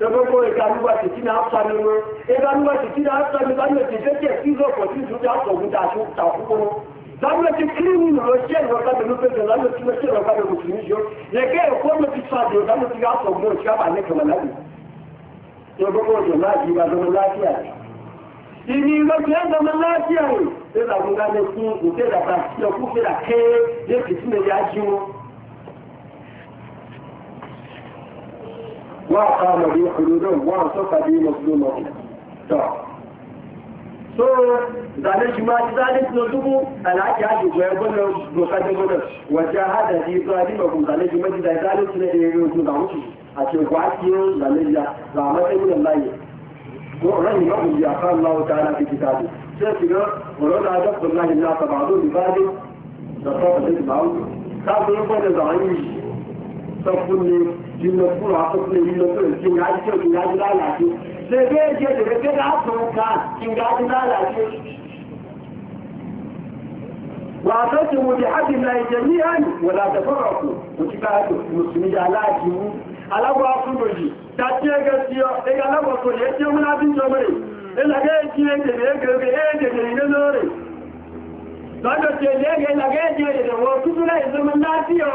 dọ́gbọ́gbọ́ ìgbàlúwà tìtí náà sánúwó ìgbàlúwà tìtí náà sánúwó lánàá ti fẹ́ kẹ́ sí ìzọ̀pọ̀ tí ìzúdá sọ̀rọ̀ tàkúkúrú lánàá ti kírímù lọ sí ẹ̀rọ kábẹ̀ ló pẹ̀lú lánàá ti lọ́sí ẹ̀rọ kábẹ̀ mùsùlùmí yó yẹ̀kẹ́ ẹ̀kọ́ ló ti sọ àdéhùn lánàá ti yàtọ̀ mọ́ ìṣẹ́ àbálẹ̀ kẹmọ̀ ìní ìrọ̀jẹ́ lọ́mọ láfíà rẹ̀ lọ́mọ láfíà rẹ̀ lọ́mọ láfíà rẹ̀ lọ́mọ láfíà rẹ̀ lọ́mọ láfíà rẹ̀ lọ́mọ وأقام به حدودهم وأنصف به مظلومهم so zane shi ma zane na dubu alhaji haji ga yabon na mukaddin gudun wajen hada ji zuwa ji bakun zane shi maji zai zane su ne da yayin su ga mutu a ce kwakiyar zane ya ga matsayin da layi ko ran yi bakun ya kan lawo ta na ti lọ fún wa kó fún mi lọ fún mi ìgbà jọ ìgbà jọ lálàájú lèbe jẹ lèbe jẹ láàtọ̀ ká ìgbà jọ lálàájú. wà á tọ́jú mo di ábì náà ìjẹ ní àná wọ̀lá àtẹ̀fọ́rọ̀ kù mo ti bá mùsùlùmí yà láàjì mú aláwọ̀ afúnlòyì tàbí ẹgẹ sí ọ ẹgẹ aláwọ̀ tó lè tí ó múná bí jọ mẹ́rin ẹlẹ́gẹ́ ìjì ẹgbẹ̀rẹ̀ ẹgbẹ̀rẹ̀ ẹgbẹ̀rẹ̀ ilé lóòrè lọ́dọ̀ tí ẹgbẹ̀rẹ̀ ẹgbẹ̀rẹ̀ ẹgbẹ̀rẹ̀ wọ́n tútúrẹ́ ìsinmi láti ọ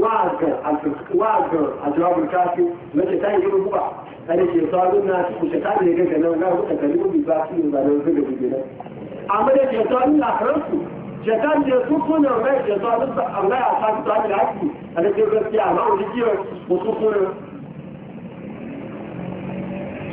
wagar a jawabin kafi mace ta yi yi rubuwa a da ke tsarin na su kusa ta ne gaga nan na wuta ka rubi ba su yi zanen zuga buge nan amma da ke tsarin na karansu shekan da su kuna rai ke tsarin sa an gaya ta su tsarin da haƙi a da ke gaskiya amma wani jiya wasu kuna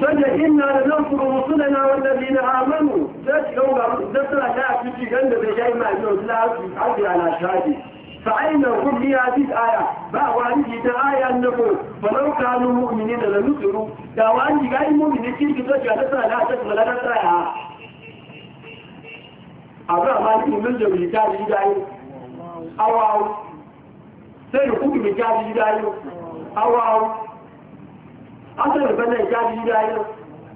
sanya inna da nan kuma musulana wanda bi na amanu sai shiga wuga da suna ta a cikin ganda da shayi mai yau da haƙi a na shaɗi فأين هم لي هذه الآية بأواني جيتا آية النفو فلو كانوا مؤمنين لنصروا دعواني غير مؤمنين كيف تجعلتها لا تجعل لنا سايا أبرا ما نكون من جو لتاج جداي أو أو سيركوك من جاج جداي أو أو أصل بنا جاج جداي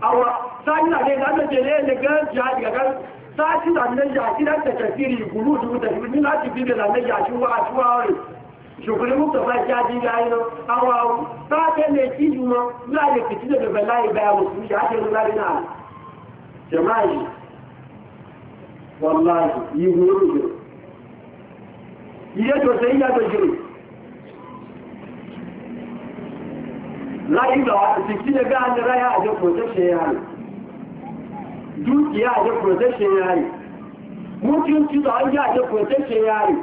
أو ساينا لين أنا جلين لكي جاج جداي sáájú làmẹ́jà ìdájẹ̀ kẹfìrí ìgbùlú òṣùgbùtẹ̀ ní láti bí làmẹ́jà ṣúwá ṣúwá rẹ̀ ṣòkòrò mọ́tọ̀fà jáde láyé àwọn àwọn sáájẹ́lẹ̀ ìjú wọn láyé fìtílẹ̀ bẹ̀bẹ̀ láyé bá àwọn òṣùgbùn ṣáájẹ́lẹ̀ láyé náà jẹmáyì wọláyì ìwò orúgbò iye tó ṣe yíyàtọ̀ jùlọ láyé lọ àti dukiya da protection ya yi mutunci da an da protection ya yi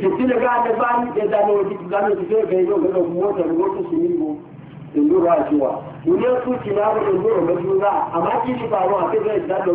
kìtì lè gáà lẹ́bá ní da ní ojú ti dáná ti fẹ́ gẹ̀ẹ́ yóò gẹ́gẹ́ mú ọ̀tọ̀ ní wọ́n sì níbo ìlú rà sí wa ilé fún ti náà wọ́n lè rọ̀ lọ́dún rà àmá kí ní pa àwọn akẹ́kẹ́ ìdájọ́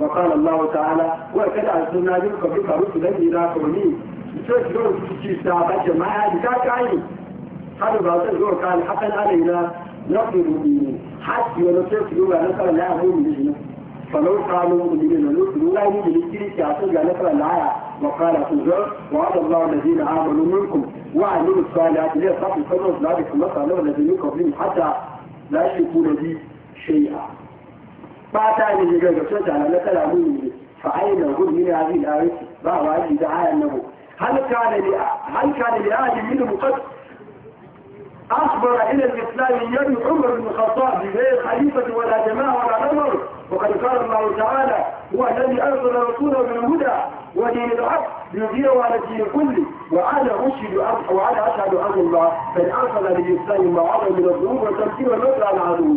وقال الله تعالى وكذا أرسلنا من قبلك رسلا إلى قومهم تسلوا في ساعة جماعة بكاكاين هذا بعض الزور قال حقا علينا نقل المؤمنين حتى ولو تسلوا ونقل لا هم مجنون فلو قالوا مؤمنين ونسلوا لا هم مجنون كاتل ونقل لا وقال تزور وعد الله الذين آمنوا منكم وعملوا الصالحات ليصحوا صدر ذلك مثلا الذين من قبلهم حتى لا يشركون به شيئا فاتا هل كان لآدم منهم قد أخبر إلى الإسلام يد عمر بن الخطاب بغير خليفة ولا جماعة ولا نمر وقد قال الله تعالى هو الذي أرسل رسوله بالهدى ودين الحق ليظهره على الدين كله وأنا أشهد وأنا أشهد أن الله قد أرسل للإسلام ما عظم من الظروف وتمثيل النصر على عدوه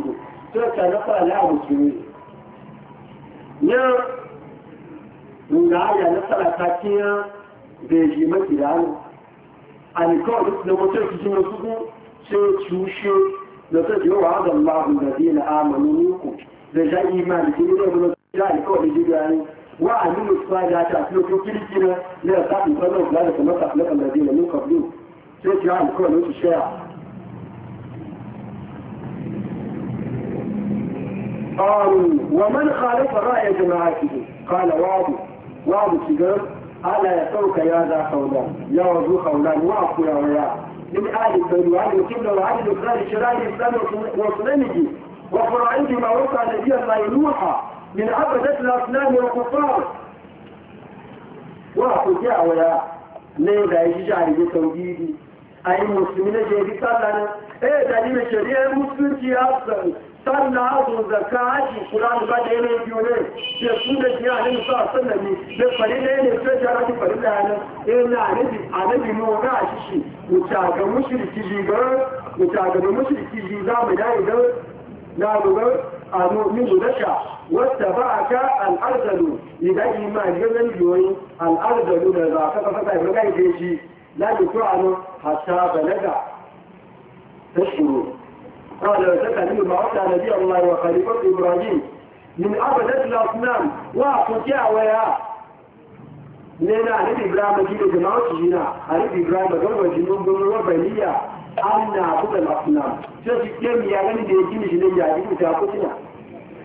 تلك نصر لا مسلمين na nga ya na sarata kiya da ya shi maki da hannu a nikon duk da mutum su jima su sai cushe da ta jiwa wa zan ba mu da zina amanu muku da ja imani ke yi da wani da alikawar da jiga ne wa a nuna su da ta fi na da ya sa in kwanar da ta masa قالوا ومن خالف رأي جماعته قال واضح واضح شجر ألا يسوك يا ذا خولا يا وزو خولا وعفو يا ويا من آل الدول وعلي القبلة وعلي الإخلال شراء الإسلام وسننه وفرعيه ما وقع نبي الله نوحا من عبدة الأصنام والكفار وعفو يا ويا ليه ذا يجي جعل توجيهي أي مسلمين جيدي صلى الله عليه وسلم إيه دليل الشريعة المسلمين يا أصلا na abu da zaka haji kuran ba da yanayi biyu ne ke su da ke a nan sa sannan ne da fari ne ne sai jara ki fari da yanar eh na anabi anabi ne wani a shi shi wuta ga mushriki jigar wuta ga mushriki za mu da idan na gugar a mu mu'minu daga wata ba a ka al'arzalu idan imani yanzu biyoyi al'arzalu da za ka kafa kai rugai da shi la bi tu'anu hatta balaga tashkuru قال وتكلم ما وقع نبي الله وخليفة إبراهيم من عبدة الأصنام وأخوتيا ويا لنا نبي إبراهيم جيد جماعة جينا نبي إبراهيم إبراهيم قرب جنوب وبنية أن نعبد الأصنام شاشي كم يعني بيجيني جنين يعني بتاكوتنا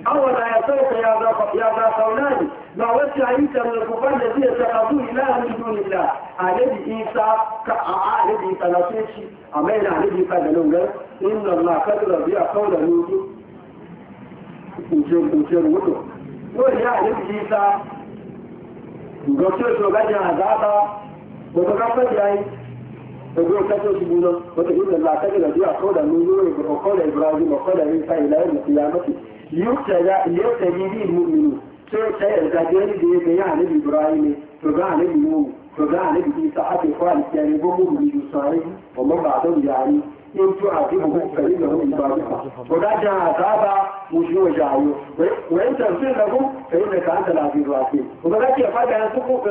أولا يا سوق يا ذا يا ذا قولاني ما وسع عيسى من الكفار الذين اتخذوه إله من دون الله عليه عيسى كعليه آه، عيسى نصيحي أمين عليه قال لهم inna Allah kadra biya qawla nuhu kuje kuje wuto ko ya alim isa gote ga ja azaba ko ko go to ko inna kadra ko ibrahim ko isa ila ya ga ibrahim to ga to ga into azibuhu fa'ilahu ibaduhu wa gaja azaba mushiwa jayo wa in tafsir lahum fa innaka anta al-azizul hakim wa gaja ya fada yan suku ka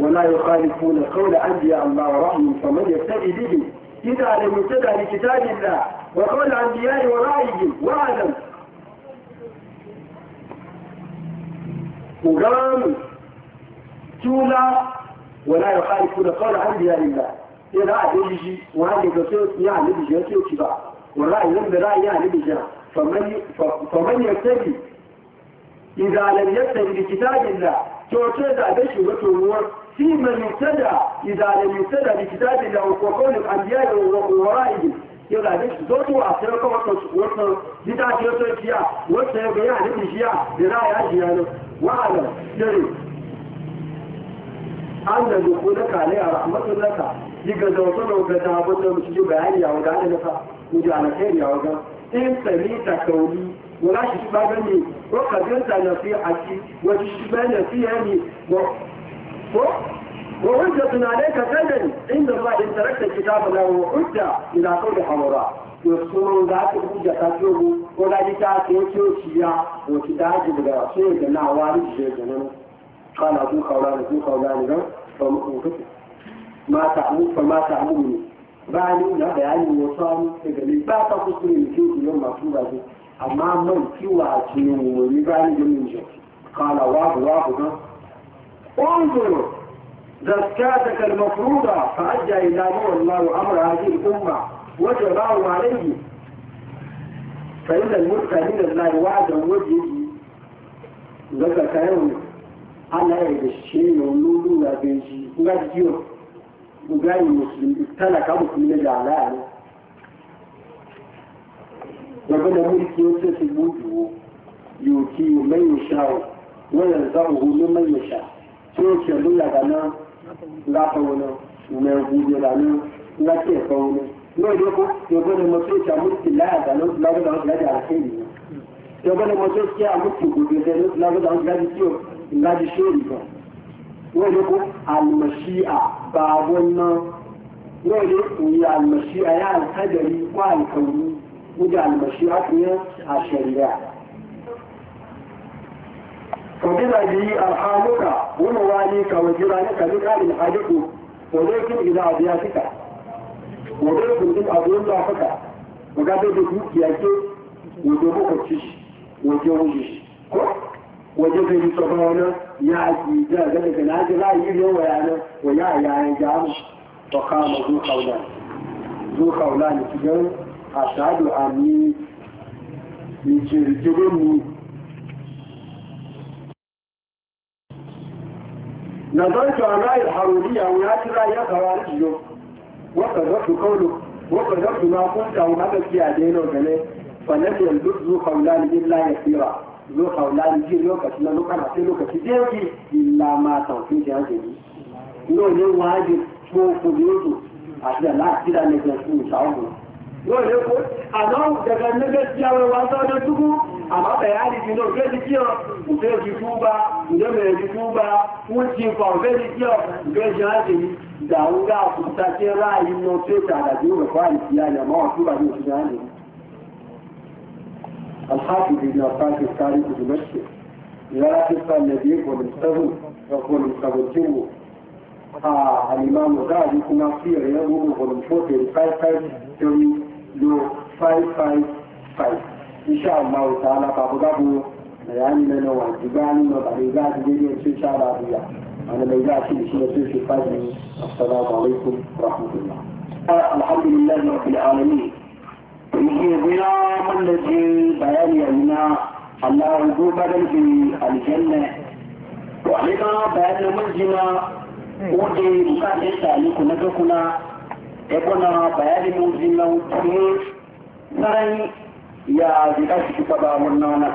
ولا يخالفون قول أنبياء الله رحم فمن يبتدي به إذا لم يبتدى لكتاب الله وقول أنبياء ورائهم وعدم وقام تولى ولا يخالفون قول أنبياء الله إذا أدلجي وهذه قصير يعني بجهة يتبع والرأي لم برأي يعني بجهة فمن, فمن يبتدي إذا لم يبتدي لكتاب الله توتر دا بشي وتنور فيما يبتدع إذا لم يبتدع بكتاب الله وقول الأنبياء وورائه يلا بشي دوتو أسرق وطن بدا جوتو جيا وطن يبيع لكي جيا برايا جيا وعلى جري أن دخولك عليها رحمة لك يقدرون وقدرون وشجوا بأهل يا وقال لك وجعل خير يا وقال إن سميت كوني wala shi shi bagani ko ka ganta na fi aki wata shi ba na fi yani ko wa wanda tunanai ka sanin inda ba in tarakta kitabu na wa hujja ila kauli hamura to sunan za ta hujja ta tsoro ko da ta ce ce shi ya ko ki daji daga sai da na wani je da nan kana ku kaula da ku kaula ne nan to mu ku ma ta mu fa ma ta mu ne ba ni amma man kiwa a cikin wani bayan jimin shi kala wabu wabu na انظر زكاتك المفروضة فأدى إلى مر الله أمر هذه الأمة وجباه عليه فإن الملك من الله وعدا وجهه لك كيوم أنا أعيد الشيء ونولو لبيجي نجيو وقال المسلم اتلك أبوك من الإعلان وبلا ملك يوسف ملكه يؤتي من يشاء وينزعه ممن يشاء توكي لولا غنا لا فونا وما يقول غنا لا تفونا ne da ko ya gwada masu ya mulki la da nan la da wasu gaji alheri ya gwada masu ya mulki gobe da nan la da wasu gaji kiyo la da shiri ba ne da ko almashi'a ba wannan ne da ko ya almashi'a ya alkadari ko alkauni وجه المشيئة هي الشريعة فبما به أرحامك ومواليك وجيرانك بك حاجك وذلك إذا أضيافك وذلك إن أضيان ضعفك وقابل بك يأتي وجبك تشيش وجوجيش وجب يصبرون يا جيدا ذلك ناجي لا يجي ويانا ويا يا جام فقام ذو قولان ذو قولان تجاه àṣáàdù àmì ìṣèrìjọba mú نظرت على الحرورية وياتنا يا خوارج يوم وقدرت قوله وقدرت ما قلت أو هذا في عدين وجلي فلم يلبس ذو قولان إلا يسيرا ذو قولان جير يوم كتنا نقل حسينو كتديوكي إلا ما توفيت عن جديد نو يوم واجب شو فضيوتو عشان لا أكتلا لك نشوه شعوه dole ko amma daga na gaskiya wai wasa da dubu amma bayani ne ga jikiya ko ji tuba ne mai ji tuba ko ji fa ga jikiya ga jaji da wuga ku ta ce rai no ce ta da dubu fa ni ya ne ma ku ba ni shi ne الحافظ ابن عباس التاريخ دمشق يرافق النبي والمستغل يقول المستغل الإمام الغالي كما في يقول المشوط القيقي yo 555 insha Allah ta'ala babu gabu bayani na na wajen gani na ba da za ta daidai sun sha ba biya wani mai za shi da shi da sun shi fadi assalamu alaikum rahmatullah alhamdulillah rabbil alamin yake biya man da ke bayani a nuna Allah ko badal bi aljanna to alima bayanin mun jina ko da bukatar ta ni kuna ga kuna ebona bayani muzin na wuce sarai ya zika shi ka ba wannan na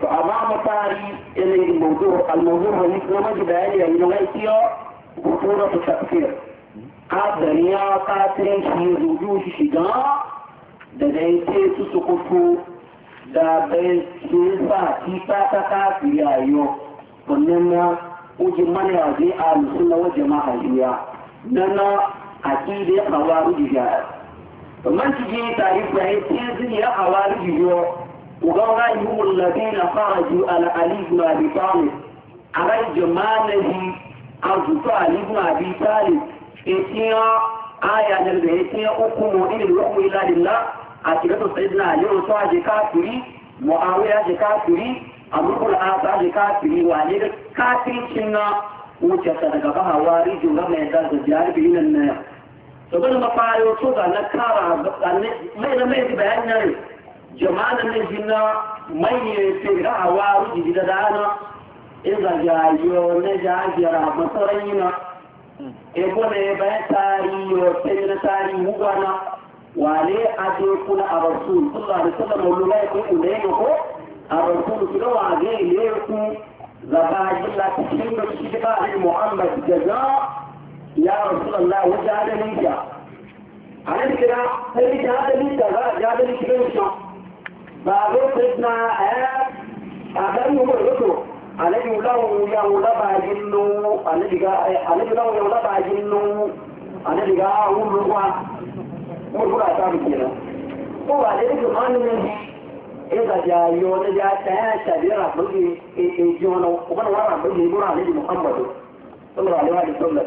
to amma mutari irin mawdu al-mawdu ne kuma maji bayani ya yi na kiyo hutura ta tafsir kadari ya katirin shi ruju shi shiga da dai ce su su kufu da bai su sa ti ta ta kafi yayo wannan na ujin mana ya zai a musulma wa jama'a jiya na na عقيدة خوارج جاء ومن تجي تعرف بهي تنزل يا خوارج جو وغيرهم الذين خرجوا على علي بن أبي طالب على جماله أرجو علي بن أبي طالب إتيا آية نربه إتيا أقوم إن الحكم إلا لله عقيدة سيدنا علي وصاع جكافري معاوية جكافري أمر الآباء جكافري وعليك كافري شنا وجسد قبها واريج وغمي ذات الجارب إلى النار domin mafayo to ga na kara mai na mai bayan nan jama'an nan jina mai ya ce ra'awa ruji da dana in ga jayo na jajira masaran yana ebo ne bayan tariyo yi na e tari mugana wale a je kula a rasu kula da sallar wala ya ku ne ko a rasul da wa ga ne ku zaba jilla cikin da shi ba Muhammad jaza ya rasulullah wa jadalinka anan kira sai jadalinka za a jadalinka ne shi ba zo fitna a dan mu rubuto anan lawo ya wala ba jinnu anan diga anan lawo ya wala ba jinnu anan diga umruwa umruwa ta bikira ko ba da duk manin ìgbàjà ayọ̀ ọ̀nẹ́jà tẹ́yà ṣàbí ràbóyè èjì ọ̀nà ọ̀gbọ́n wà ràbóyè ìgbọ́n àlejò muhammadu sọ́lọ́ àlewà àdìsọ́lẹ̀.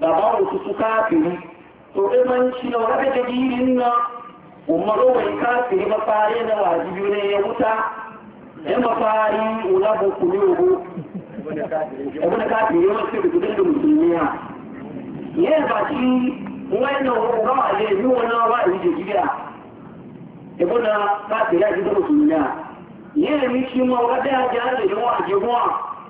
bàbá òtútù káàkiri to ilmanci na wadda ta jirin na umaru mai kafiri mafari na wajibi na ya wuta ya mafari ulabu kuri ogo abu kafiri ya wasu da da musulmiya ya ba wani na ogo ma ne yi wani ba a yi da a Ebe da kafiri ya ji da musulmiya ya yi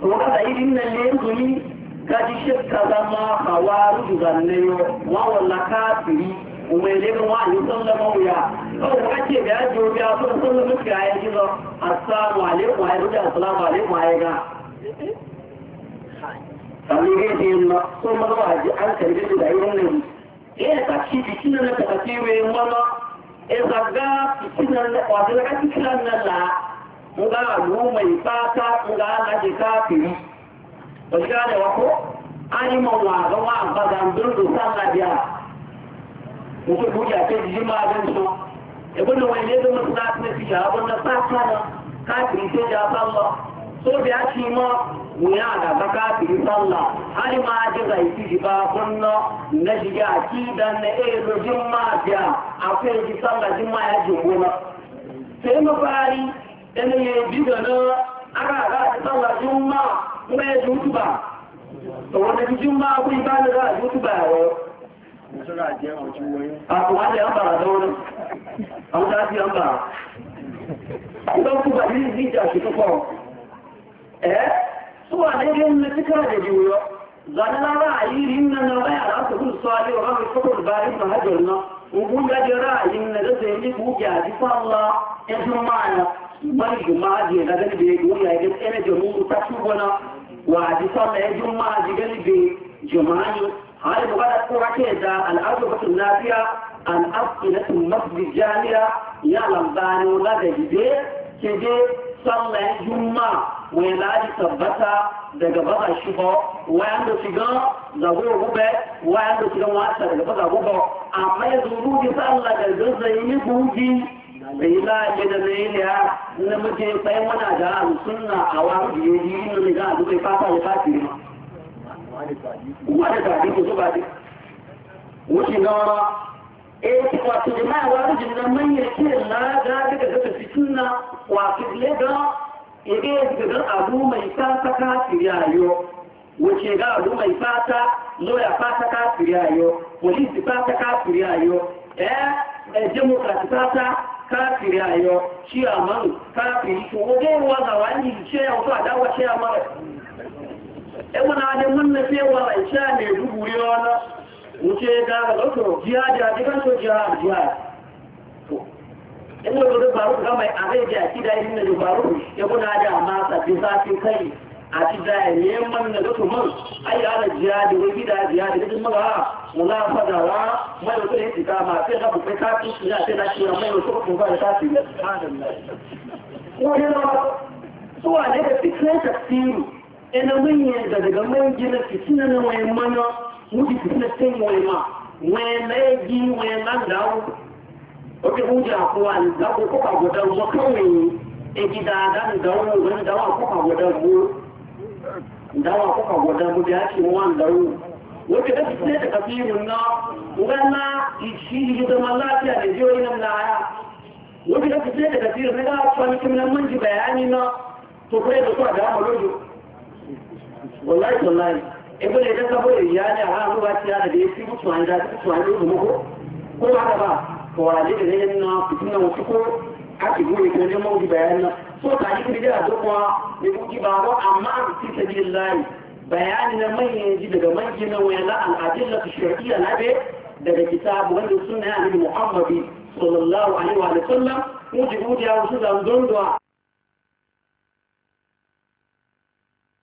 kuma kada irin na lezuni kaji shakka zama hawa rujuga na yau wawalla kafiri umarnin wani sallama wuya kawai kake da yaji wuri a sun sallama su yaya gizo assalamu alaikum ya rujuga assalamu alaikum ya ga sannan gai da yin na so maza wa ji an karbi su da irin nan ya ta ci jikin na ta kasi wani mana ya zaga jikin na wasu na kasi kiran muga al'umma ipata muga alaje kafiri wajane wako Ani waga wa bagandundu sana dia mutu kuja ke jima ganso ebono wele do musnat ne fija abonna sakana kafiri te ja Allah so bi ashima muya da baka firi sallah hali ma je ga iti ba kunno na jiga akidan ne e do jima ja afi ji sallah jima ya jumbo na sai mafari ẹni yẹn bí gànà ara àrá máa mẹ́ lótúbà ọ̀wọ́n ẹni tí ó máa kú ibá lọ́rọ̀ ẹ̀rọ àkùnwájẹ́ àbàrà lọ́rọ̀ àwọn dájú àbàrà lọ́túbà ní na a Allah ẹgbẹ́ máa na gbáyìí máa di ẹ̀dá gẹ́gẹ́ bí ewu ya ẹgbẹ́ ẹ̀rẹ́ jọmọ́ ta túbọ̀ na wà á di sọ́nà ẹgbẹ́ máa di gẹ́gẹ́ bí jọmọ́ ayé àwọn ẹgbẹ́ bá kóra kí ẹ̀dá aláàbò tó náà bí a aláàbò tó mọ́tò jáníra yà làǹbáni wọn láti dìde kéde sọ́nà ila ke da zai ya na muke sai muna da sunna a wa biye yi ne ga duk fa fa fa ti ma wa da ta ko ba ti wuce ga wara e ti wa ti ma wa da jin nan man yake la ga daga ga sunna wa ti le e ga ga abu mai ta ka ti yayo wuce ga abu mai fata loya fata ka ti yayo polisi fata ka ti yayo eh, eh demokrasi fata káàkiri àyọ tí a máa ń káàkiri ṣòwò tó ń wà zàwà ní iṣẹ́ ọ̀tọ́ àdáwà tí a máa rẹ̀ ẹgbọ́n náà ni mún fi wà iṣẹ́ àmì ìdúgbù rí ọ́nà wùce gara lọ́tọ̀ jihadi àdíkàṣọ́ jihadi jihadi ẹgbọ́n tó dé bàrú gama àrẹ́jì àkídà ìrìnlẹ̀ bàrú ẹgbọ́n náà dà máa tàbí sáfin kai ati da ne man na gato man ai ana jiya da wani da jiya da duk maga mula fada wa mai ko ne tika ma sai da buƙe ka tu su da sai da shi mai ko ko ba da ta su subhanallah ko ne ba to a ne da fitin tafsiri ina mun yin da daga mun gina fitina na wayan mana mu ji fitina sai wayan ma wayan ne ji wayan nan da ku oke hujja ko an da ko ka godan ko kawai e gida dan da wani da ko ka godan mu dawa kuka gwada gudu wan daru wata da su da kafirun na ugana shi yi zama lafiya da jiyoyi nan na haya wata da su da kafirun na ga kwani kuma mun ji bayani na to kai da kuwa da amalojo wallahi wallahi ibn da sabo ya ne ha mu ba ciya da yake mutu an da su an yi mu ko ko haka ba to da ne na fitina wasu ko a ki gure ko ne mu bayani na so da yi da da kuma ne kuki ba ba amma fi sabilillahi bayani na manyan ji daga manyan na wayan al'adilla shar'iyya na be daga kitabu wanda sunna ya annabi Muhammad sallallahu alaihi wa sallam uji uji ya wasu zandon da